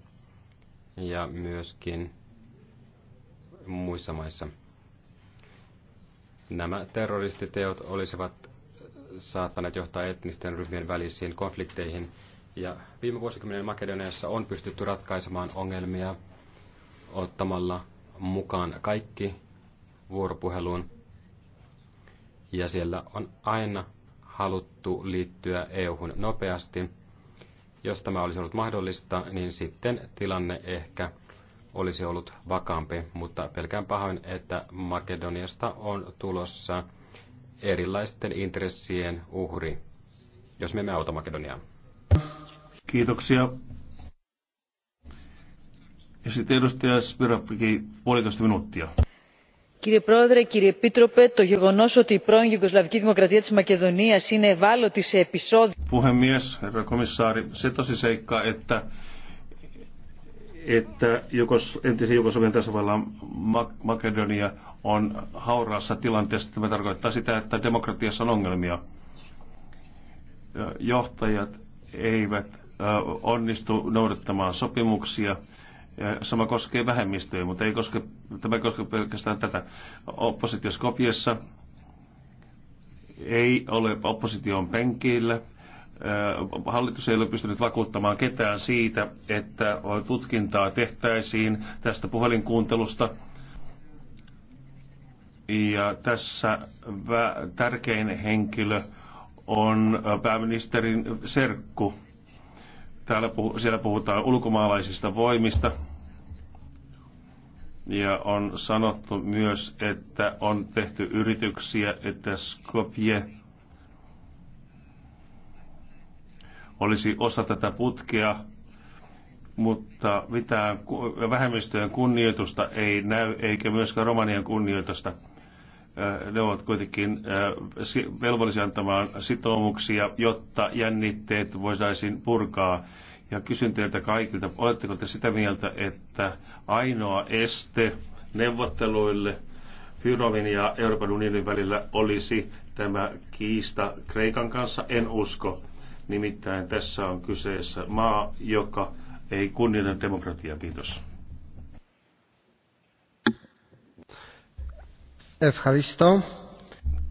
ja myöskin muissa maissa. Nämä terroristiteot olisivat saattaneet johtaa etnisten ryhmien välisiin konflikteihin. Ja viime vuosikymmenen Makedoniassa on pystytty ratkaisemaan ongelmia ottamalla mukaan kaikki vuoropuheluun. Ja siellä on aina haluttu liittyä EU-hun nopeasti. Jos tämä olisi ollut mahdollista, niin sitten tilanne ehkä olisi ollut vakaampi, mutta pelkään pahoin, että Makedoniasta on tulossa erilaisten intressien uhri, jos me emme auta Makedoniaa. Kiitoksia. Ja sitten edustaja Spirappikin puolitoista minuuttia κύριε πρόεδρε κύριε επίτροπε το γεγονός ότι η πρώην Ιουγκοσλαβική Δημοκρατία της Μακεδονίας είναι ευάλωτη σε επεισόδια... Puhemies, herra komissaari, se tosiseikka, että että Jugos, entisen Jugoslavian tasavallan Makedonia on hauraassa tilanteessa. Tämä tarkoittaa sitä, että demokratiassa on ongelmia. Johtajat eivät onnistu noudattamaan sopimuksia ja sama koskee vähemmistöjä, mutta ei koske, tämä ei koske pelkästään tätä. Oppositioskopiessa ei ole opposition penkillä. Hallitus ei ole pystynyt vakuuttamaan ketään siitä, että tutkintaa tehtäisiin tästä puhelinkuuntelusta. Ja tässä tärkein henkilö on pääministerin serkku Täällä puhu, siellä puhutaan ulkomaalaisista voimista, ja on sanottu myös, että on tehty yrityksiä, että Skopje olisi osa tätä putkea, mutta mitään vähemmistöjen kunnioitusta ei näy, eikä myöskään romanian kunnioitusta. Äh, ne ovat kuitenkin äh, velvollisia antamaan sitoumuksia, jotta jännitteet voitaisiin purkaa. Ja kysyn teiltä kaikilta, oletteko te sitä mieltä, että ainoa este neuvotteluille Fyrovin ja Euroopan unionin välillä olisi tämä kiista Kreikan kanssa? En usko. Nimittäin tässä on kyseessä maa, joka ei kunnioita demokratiaa. Kiitos.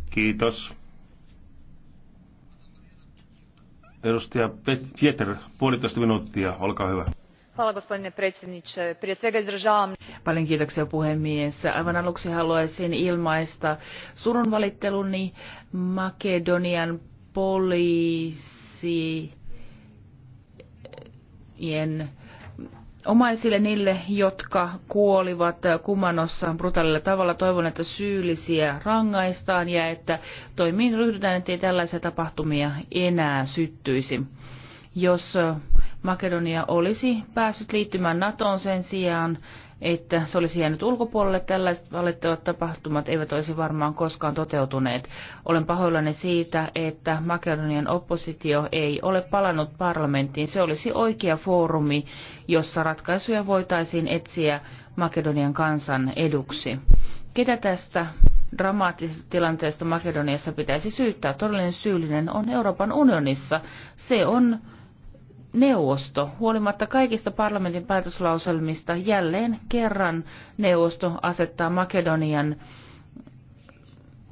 Kiitos. Edustaja Pieter, puolitoista minuuttia, olkaa hyvä gospodine predsjedniče prije svega izražavam. paljon kiitoksia puhemies aivan aluksi haluaisin ilmaista surunvalitteluni makedonian poliisien omaisille niille, jotka kuolivat Kumanossa brutaalilla tavalla. Toivon, että syyllisiä rangaistaan ja että toimiin ryhdytään, ettei tällaisia tapahtumia enää syttyisi. Jos Makedonia olisi päässyt liittymään NATOon sen sijaan, että se olisi jäänyt ulkopuolelle. Tällaiset valittavat tapahtumat eivät olisi varmaan koskaan toteutuneet. Olen pahoillani siitä, että Makedonian oppositio ei ole palannut parlamenttiin. Se olisi oikea foorumi, jossa ratkaisuja voitaisiin etsiä Makedonian kansan eduksi. Ketä tästä dramaattisesta tilanteesta Makedoniassa pitäisi syyttää? Todellinen syyllinen on Euroopan unionissa. Se on neuvosto, huolimatta kaikista parlamentin päätöslauselmista, jälleen kerran neuvosto asettaa Makedonian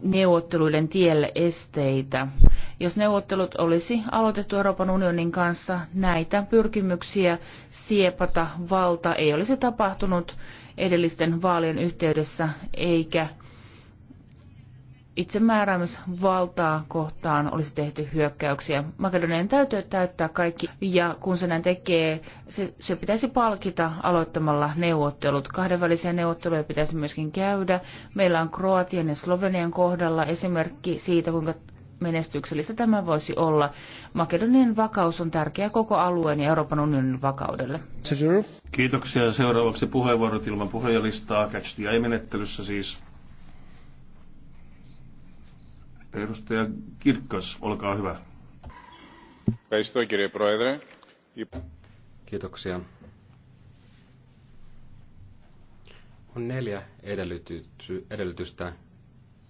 neuvotteluiden tielle esteitä. Jos neuvottelut olisi aloitettu Euroopan unionin kanssa, näitä pyrkimyksiä siepata valta ei olisi tapahtunut edellisten vaalien yhteydessä eikä itsemääräämisvaltaa kohtaan olisi tehty hyökkäyksiä. Makedonian täytyy täyttää kaikki, ja kun se näin tekee, se, se pitäisi palkita aloittamalla neuvottelut. Kahdenvälisiä neuvotteluja pitäisi myöskin käydä. Meillä on Kroatian ja Slovenian kohdalla esimerkki siitä, kuinka menestyksellistä tämä voisi olla. Makedonian vakaus on tärkeä koko alueen ja Euroopan unionin vakaudelle. Kiitoksia. Seuraavaksi puheenvuorot ilman puheenjohtajalistaa. Catch the menettelyssä siis. Edustaja Kirkkos, olkaa hyvä. Kiitoksia. On neljä edellytystä,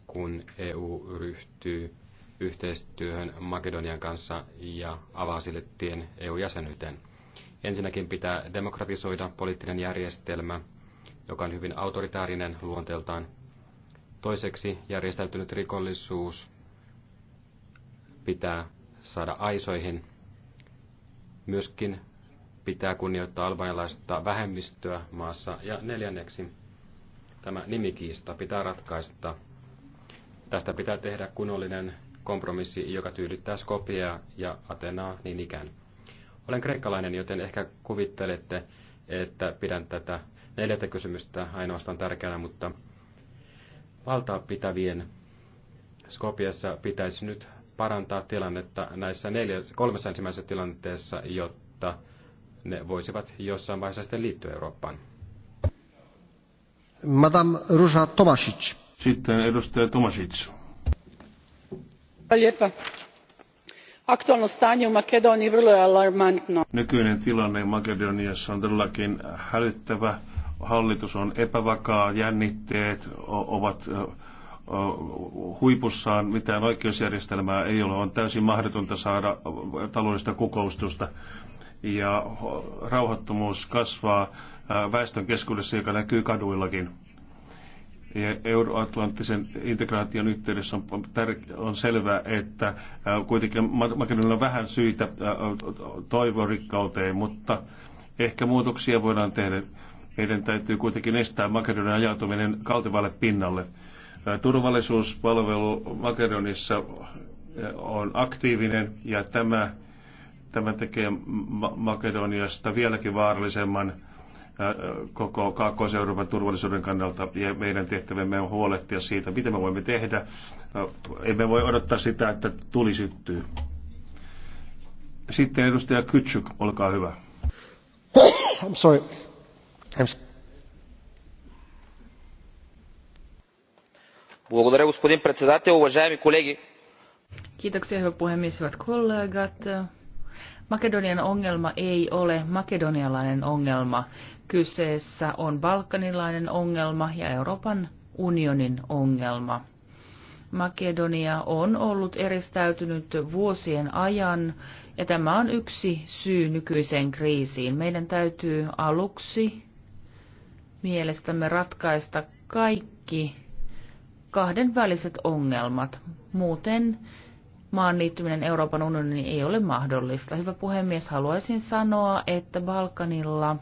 kun EU ryhtyy yhteistyöhön Makedonian kanssa ja avaa sille tien EU-jäsenyyteen. Ensinnäkin pitää demokratisoida poliittinen järjestelmä, joka on hyvin autoritaarinen luonteeltaan Toiseksi järjestäytynyt rikollisuus pitää saada aisoihin. Myöskin pitää kunnioittaa albanialaista vähemmistöä maassa. Ja neljänneksi tämä nimikiista pitää ratkaista. Tästä pitää tehdä kunnollinen kompromissi, joka tyydyttää Skopia ja Atenaa niin ikään. Olen kreikkalainen, joten ehkä kuvittelette, että pidän tätä neljättä kysymystä ainoastaan tärkeänä, mutta valtaa pitävien Skopiassa pitäisi nyt parantaa tilannetta näissä neljä, kolmessa ensimmäisessä tilanteessa, jotta ne voisivat jossain vaiheessa sitten liittyä Eurooppaan. Madame Ruža Tomasic. Sitten edustaja Tomasic. Lijepa. Aktualno stanje u Makedoniji vrlo je alarmantno. Nykyinen tilanne Makedoniassa on todellakin hälyttävä Hallitus on epävakaa, jännitteet ovat huipussaan, mitään oikeusjärjestelmää ei ole. On täysin mahdotonta saada taloudellista kokoustusta ja rauhattomuus kasvaa väestön keskuudessa, joka näkyy kaduillakin. Ja euroatlanttisen integraation yhteydessä on, on selvää, että kuitenkin Makedonilla on vähän syitä toivorikkauteen, mutta ehkä muutoksia voidaan tehdä. Meidän täytyy kuitenkin estää Makedonian ajautuminen kaltevalle pinnalle. Turvallisuuspalvelu Makedonissa on aktiivinen ja tämä, tämä tekee Makedoniasta vieläkin vaarallisemman koko Kaakkois-Euroopan turvallisuuden kannalta ja meidän tehtävämme on huolehtia siitä, mitä me voimme tehdä. Emme voi odottaa sitä, että tuli syttyy. Sitten edustaja Kytsyk, olkaa hyvä. (coughs) I'm sorry господин председател уважаеми колеги Kiitoksia hyvä puhemies, hyvät kollegat. Makedonian ongelma ei ole makedonialainen ongelma. Kyseessä on balkanilainen ongelma ja Euroopan unionin ongelma. Makedonia on ollut eristäytynyt vuosien ajan ja tämä on yksi syy nykyiseen kriisiin. Meidän täytyy aluksi mielestämme ratkaista kaikki kahdenväliset ongelmat. Muuten maan liittyminen Euroopan unioniin ei ole mahdollista. Hyvä puhemies, haluaisin sanoa, että Balkanilla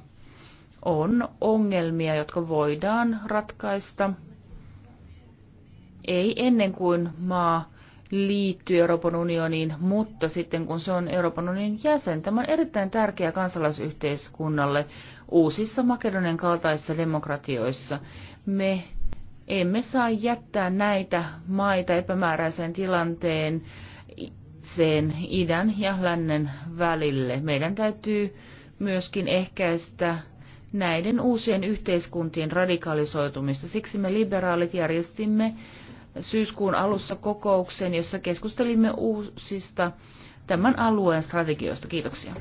on ongelmia, jotka voidaan ratkaista. Ei ennen kuin maa liittyy Euroopan unioniin, mutta sitten kun se on Euroopan unionin jäsen, tämä on erittäin tärkeä kansalaisyhteiskunnalle uusissa Makedonian kaltaisissa demokratioissa. Me emme saa jättää näitä maita epämääräiseen tilanteen sen idän ja lännen välille. Meidän täytyy myöskin ehkäistä näiden uusien yhteiskuntien radikalisoitumista. Siksi me liberaalit järjestimme syyskuun alussa kokouksen, jossa keskustelimme uusista tämän alueen strategioista. Kiitoksia.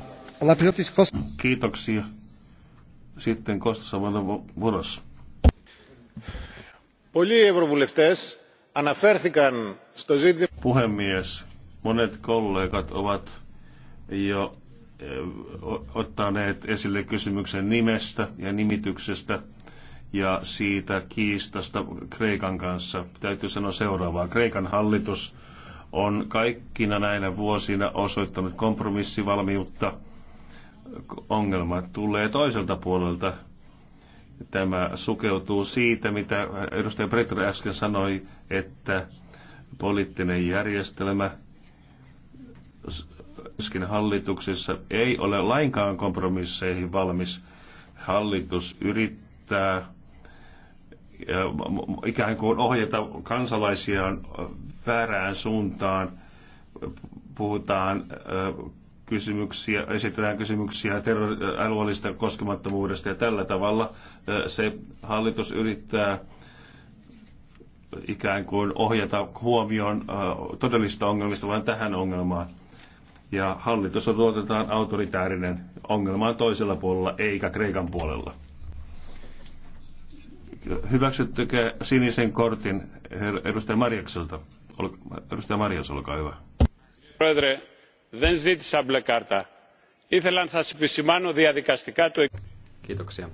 Kiitoksia. Sitten Kostas Vuoros. Πολλοί ευρωβουλευτές αναφέρθηκαν στο ζήτημα... Puhemies, monet kollegat ovat jo ottaneet esille kysymyksen nimestä ja nimityksestä ja siitä kiistasta Kreikan kanssa. Täytyy sanoa seuraavaa. Kreikan hallitus on kaikkina näinä vuosina osoittanut kompromissivalmiutta – ongelma tulee toiselta puolelta. Tämä sukeutuu siitä, mitä edustaja Bretter äsken sanoi, että poliittinen järjestelmä myöskin hallituksessa ei ole lainkaan kompromisseihin valmis. Hallitus yrittää ikään kuin ohjata kansalaisiaan väärään suuntaan. Puhutaan kysymyksiä, esitetään kysymyksiä äh, alueellista koskemattomuudesta ja tällä tavalla äh, se hallitus yrittää ikään kuin ohjata huomioon äh, todellista ongelmista vain tähän ongelmaan. Ja hallitus on tuotetaan autoritäärinen ongelma toisella puolella eikä Kreikan puolella. Hyväksyttekö sinisen kortin edustaja Marjakselta? Edustaja Marjas, olkaa hyvä. Δεν ζήτησα μπλε κάρτα. Ήθελα να σας επισημάνω διαδικαστικά το... Kiitoksia.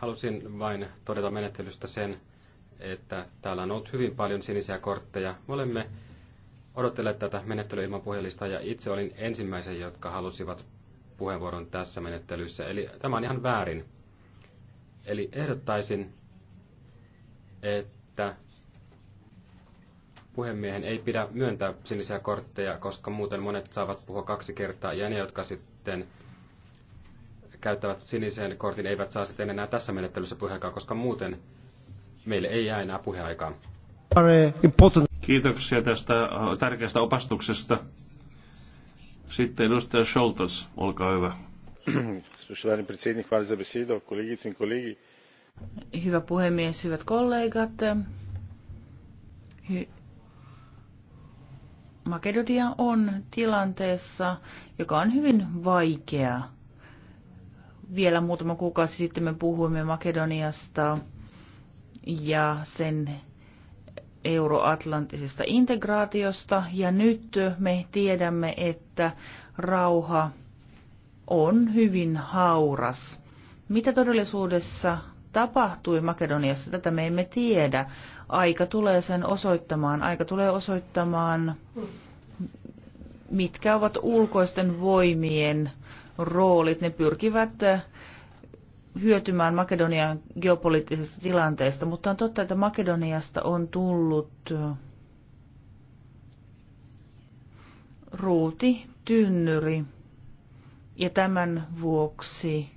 Halusin vain todeta menettelystä sen, että täällä on ollut hyvin paljon sinisiä kortteja. Me olemme odotelleet tätä menettelyä ilman puhelista ja itse olin ensimmäisen, jotka halusivat puheenvuoron tässä menettelyssä. Eli tämä on ihan väärin. Eli ehdottaisin, että puhemiehen ei pidä myöntää sinisiä kortteja, koska muuten monet saavat puhua kaksi kertaa ja ne, jotka sitten käyttävät sinisen kortin, eivät saa sitten enää tässä menettelyssä puheaikaa, koska muuten meille ei jää enää puheaikaa. Kiitoksia tästä äh, tärkeästä opastuksesta. Sitten edustaja Scholtas, olkaa hyvä. Hyvä puhemies, hyvät kollegat. Hy- Makedonia on tilanteessa, joka on hyvin vaikea. Vielä muutama kuukausi sitten me puhuimme Makedoniasta ja sen euroatlanttisesta integraatiosta, ja nyt me tiedämme, että rauha on hyvin hauras. Mitä todellisuudessa tapahtui Makedoniassa, tätä me emme tiedä. Aika tulee sen osoittamaan. Aika tulee osoittamaan, mitkä ovat ulkoisten voimien roolit. Ne pyrkivät hyötymään Makedonian geopoliittisesta tilanteesta, mutta on totta, että Makedoniasta on tullut ruuti, tynnyri, ja tämän vuoksi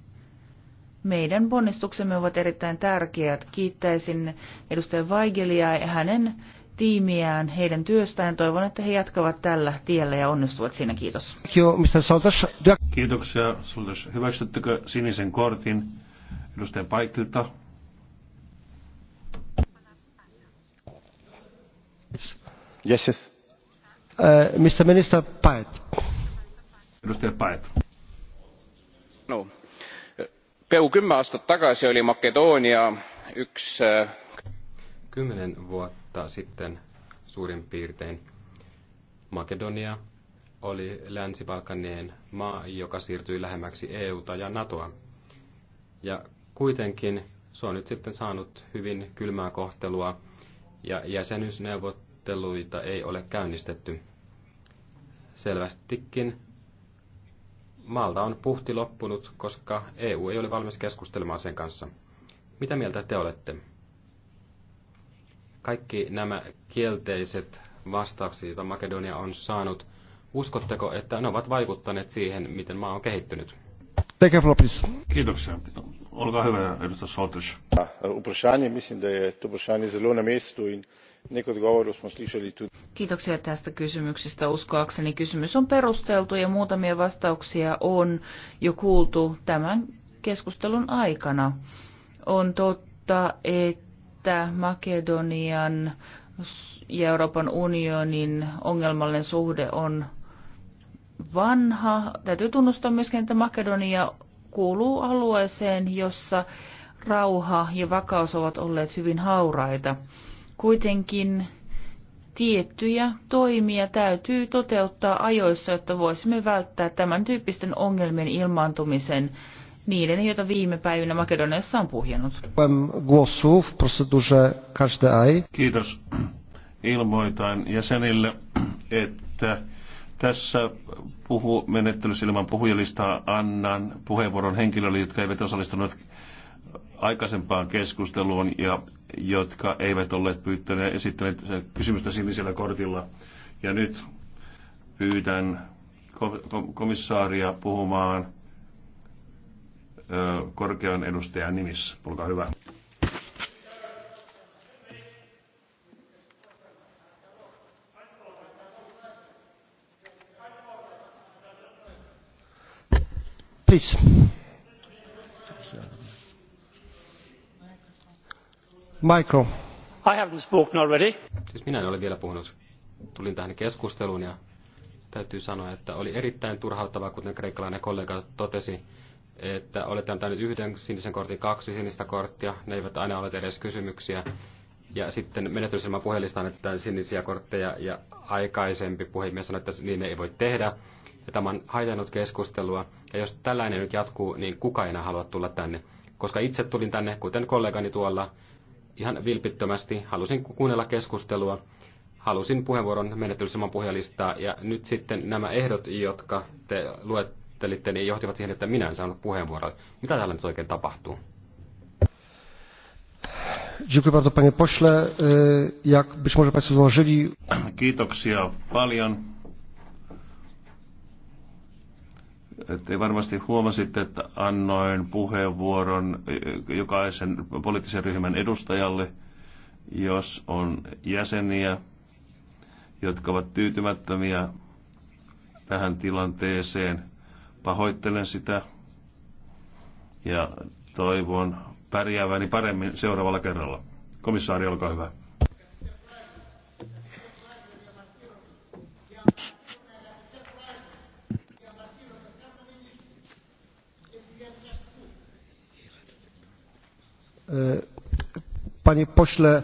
meidän ponnistuksemme ovat erittäin tärkeät. Kiittäisin edustaja Vaigelia ja hänen tiimiään heidän työstään. Toivon, että he jatkavat tällä tiellä ja onnistuvat siinä. Kiitos. Kiitoksia, Soltas. Hyväksyttekö sinisen kortin edustajan paikilta? Yes, yes. Uh, Mr. Minister Paet. Edustaja Paet. No peaaegu kümme aastat tagasi oli makedoonia yksi äh, kymmenen vuotta sitten suurin piirtein makedonia oli länsi balkanien maa joka siirtyi lähemmäksi euta ja natoa ja kuitenkin se on nyt sitten saanut hyvin kylmää kohtelua ja jäsenyysneuvotteluita ei ole käynnistetty selvästikin maalta on puhti loppunut, koska EU ei ole valmis keskustelemaan sen kanssa. Mitä mieltä te olette? Kaikki nämä kielteiset vastaukset, joita Makedonia on saanut, uskotteko, että ne ovat vaikuttaneet siihen, miten maa on kehittynyt? Kiitoksia. Olkaa hyvä, edustaja Vprašanje, mislim, da je to vprašanje zelo na mestu in nek odgovor smo slišali tudi. Kiitoksia tästä kysymyksestä. Uskoakseni kysymys on perusteltu ja muutamia vastauksia on jo kuultu tämän keskustelun aikana. On totta, että Makedonian ja Euroopan unionin ongelmallinen suhde on vanha. Täytyy tunnustaa myöskin, että Makedonia kuuluu alueeseen, jossa rauha ja vakaus ovat olleet hyvin hauraita. Kuitenkin tiettyjä toimia täytyy toteuttaa ajoissa, jotta voisimme välttää tämän tyyppisten ongelmien ilmaantumisen niiden, joita viime päivinä Makedoniassa on puhjennut. Kiitos. Ilmoitan jäsenille, että tässä puhu, menettelyssä ilman puhujalistaa annan puheenvuoron henkilöille, jotka eivät osallistuneet aikaisempaan keskusteluun ja jotka eivät olleet pyytäneet esittäneet kysymystä sinisellä kortilla. Ja nyt pyydän komissaaria puhumaan korkean edustajan nimissä. Olkaa hyvä. please. I haven't spoken already. Siis minä en ole vielä puhunut. Tulin tähän keskusteluun ja täytyy sanoa, että oli erittäin turhauttavaa, kuten kreikkalainen kollega totesi, että olette antaneet yhden sinisen kortin, kaksi sinistä korttia, ne eivät aina ole edes kysymyksiä. Ja sitten menetysilman puhelista annetaan sinisiä kortteja ja aikaisempi puhemies sanoi, että niin ei voi tehdä ja tämä on haitannut keskustelua. Ja jos tällainen nyt jatkuu, niin kuka enää halua tulla tänne. Koska itse tulin tänne, kuten kollegani tuolla, ihan vilpittömästi, halusin kuunnella keskustelua, halusin puheenvuoron menettelysemman puhelistaa ja nyt sitten nämä ehdot, jotka te luettelitte, niin johtivat siihen, että minä en saanut puheenvuoroa. Mitä täällä nyt oikein tapahtuu? E, Kiitoksia paljon. Te varmasti huomasitte, että annoin puheenvuoron jokaisen poliittisen ryhmän edustajalle, jos on jäseniä, jotka ovat tyytymättömiä tähän tilanteeseen. Pahoittelen sitä ja toivon pärjääväni paremmin seuraavalla kerralla. Komissaari, olkaa hyvä. E, panie pośle,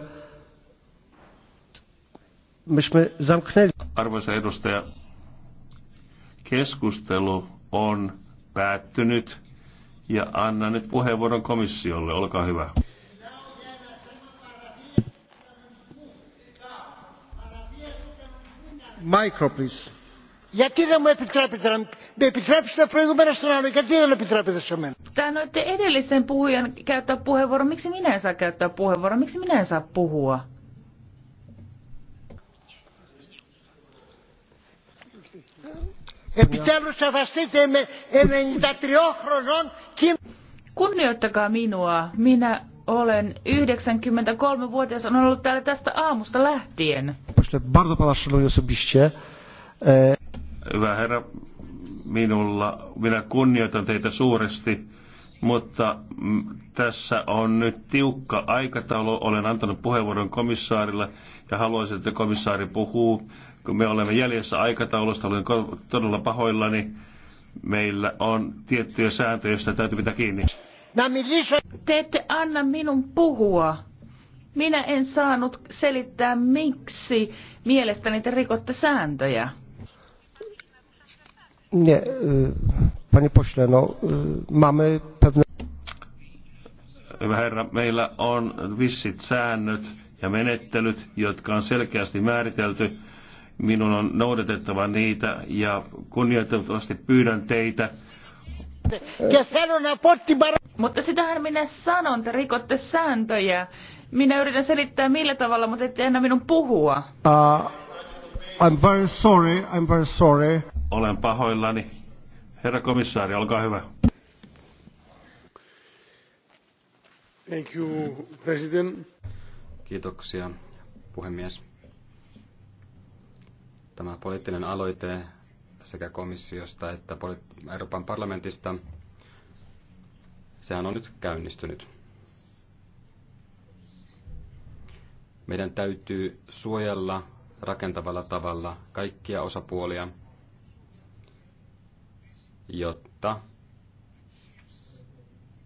myśmy zamknęli. Arvoisa edustaja, keskustelu on päättynyt ja annan nyt puheenvuoron komissiolle. Olkaa hyvä. Micro, please. Γιατί δεν μου επιτρέπετε να με επιτρέψετε προηγούμενα στον άλλο, γιατί δεν επιτρέπετε σε μένα. Annoitte edellisen puhujan käyttää puheenvuoro. Miksi minä en saa käyttää puheenvuoro? Miksi minä en saa σεβαστείτε με 93 χρονών Kunnioittakaa minua. Minä olen 93-vuotias, on ollut täällä tästä aamusta lähtien. Bardzo pana szanuję osobiście. E, Hyvä herra, minulla, minä kunnioitan teitä suuresti, mutta mm, tässä on nyt tiukka aikataulu. Olen antanut puheenvuoron komissaarille ja haluaisin, että komissaari puhuu. Kun me olemme jäljessä aikataulusta, olen todella pahoillani. Meillä on tiettyjä sääntöjä, joista täytyy pitää kiinni. Te ette anna minun puhua. Minä en saanut selittää, miksi mielestäni te rikotte sääntöjä. Nie, panie pośle, no mamy pewne... Hyvä herra, meillä on vissit säännöt ja menettelyt, jotka on selkeästi määritelty. Minun on noudatettava niitä ja kunnioittavasti pyydän teitä. Mutta sitähän minä sanon, te rikotte sääntöjä. Minä yritän selittää millä tavalla, mutta ette enää minun puhua. Uh, I'm very sorry, I'm very sorry. Olen pahoillani. Herra komissaari, olkaa hyvä. Thank you, President. Kiitoksia, puhemies. Tämä poliittinen aloite sekä komissiosta että Euroopan parlamentista, sehän on nyt käynnistynyt. Meidän täytyy suojella rakentavalla tavalla kaikkia osapuolia – jotta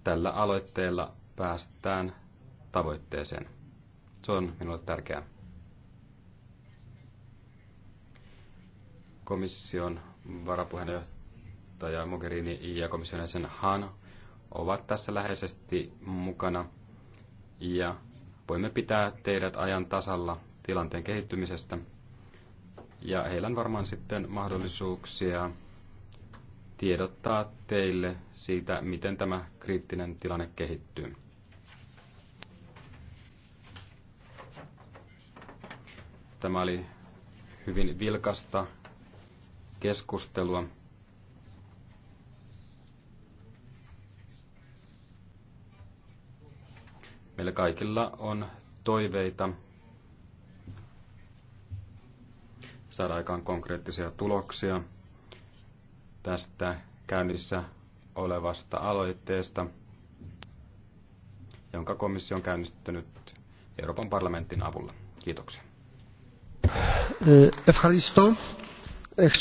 tällä aloitteella päästään tavoitteeseen. Se on minulle tärkeää. Komission varapuheenjohtaja Mogherini ja komission jäsen Han ovat tässä läheisesti mukana ja voimme pitää teidät ajan tasalla tilanteen kehittymisestä. Ja heillä on varmaan sitten mahdollisuuksia tiedottaa teille siitä, miten tämä kriittinen tilanne kehittyy. Tämä oli hyvin vilkasta keskustelua. Meillä kaikilla on toiveita saada aikaan konkreettisia tuloksia tästä käynnissä olevasta aloitteesta, jonka komissio on käynnistänyt Euroopan parlamentin avulla. Kiitoksia. Eh, eh,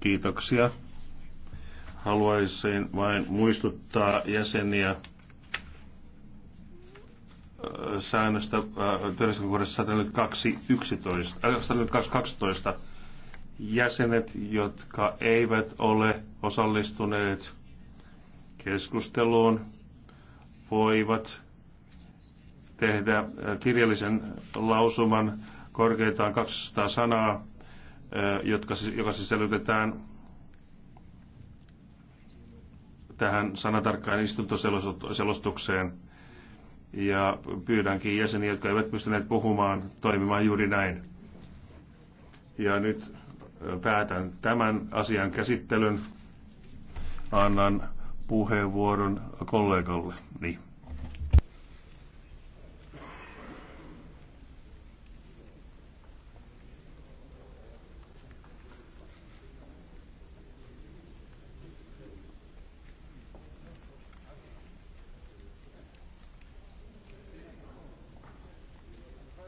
Kiitoksia. Haluaisin vain muistuttaa jäseniä eh, säännöstä äh, 142.11, äh, 142.12 jäsenet, jotka eivät ole osallistuneet keskusteluun, voivat tehdä äh, kirjallisen lausuman korkeintaan 200 sanaa, äh, jotka, joka sisällytetään tähän sanatarkkaan istuntoselostukseen. Ja pyydänkin jäseniä, jotka eivät pystyneet puhumaan, toimimaan juuri näin. Ja nyt päätän tämän asian käsittelyn. Annan puheenvuoron kollegalle. Niin.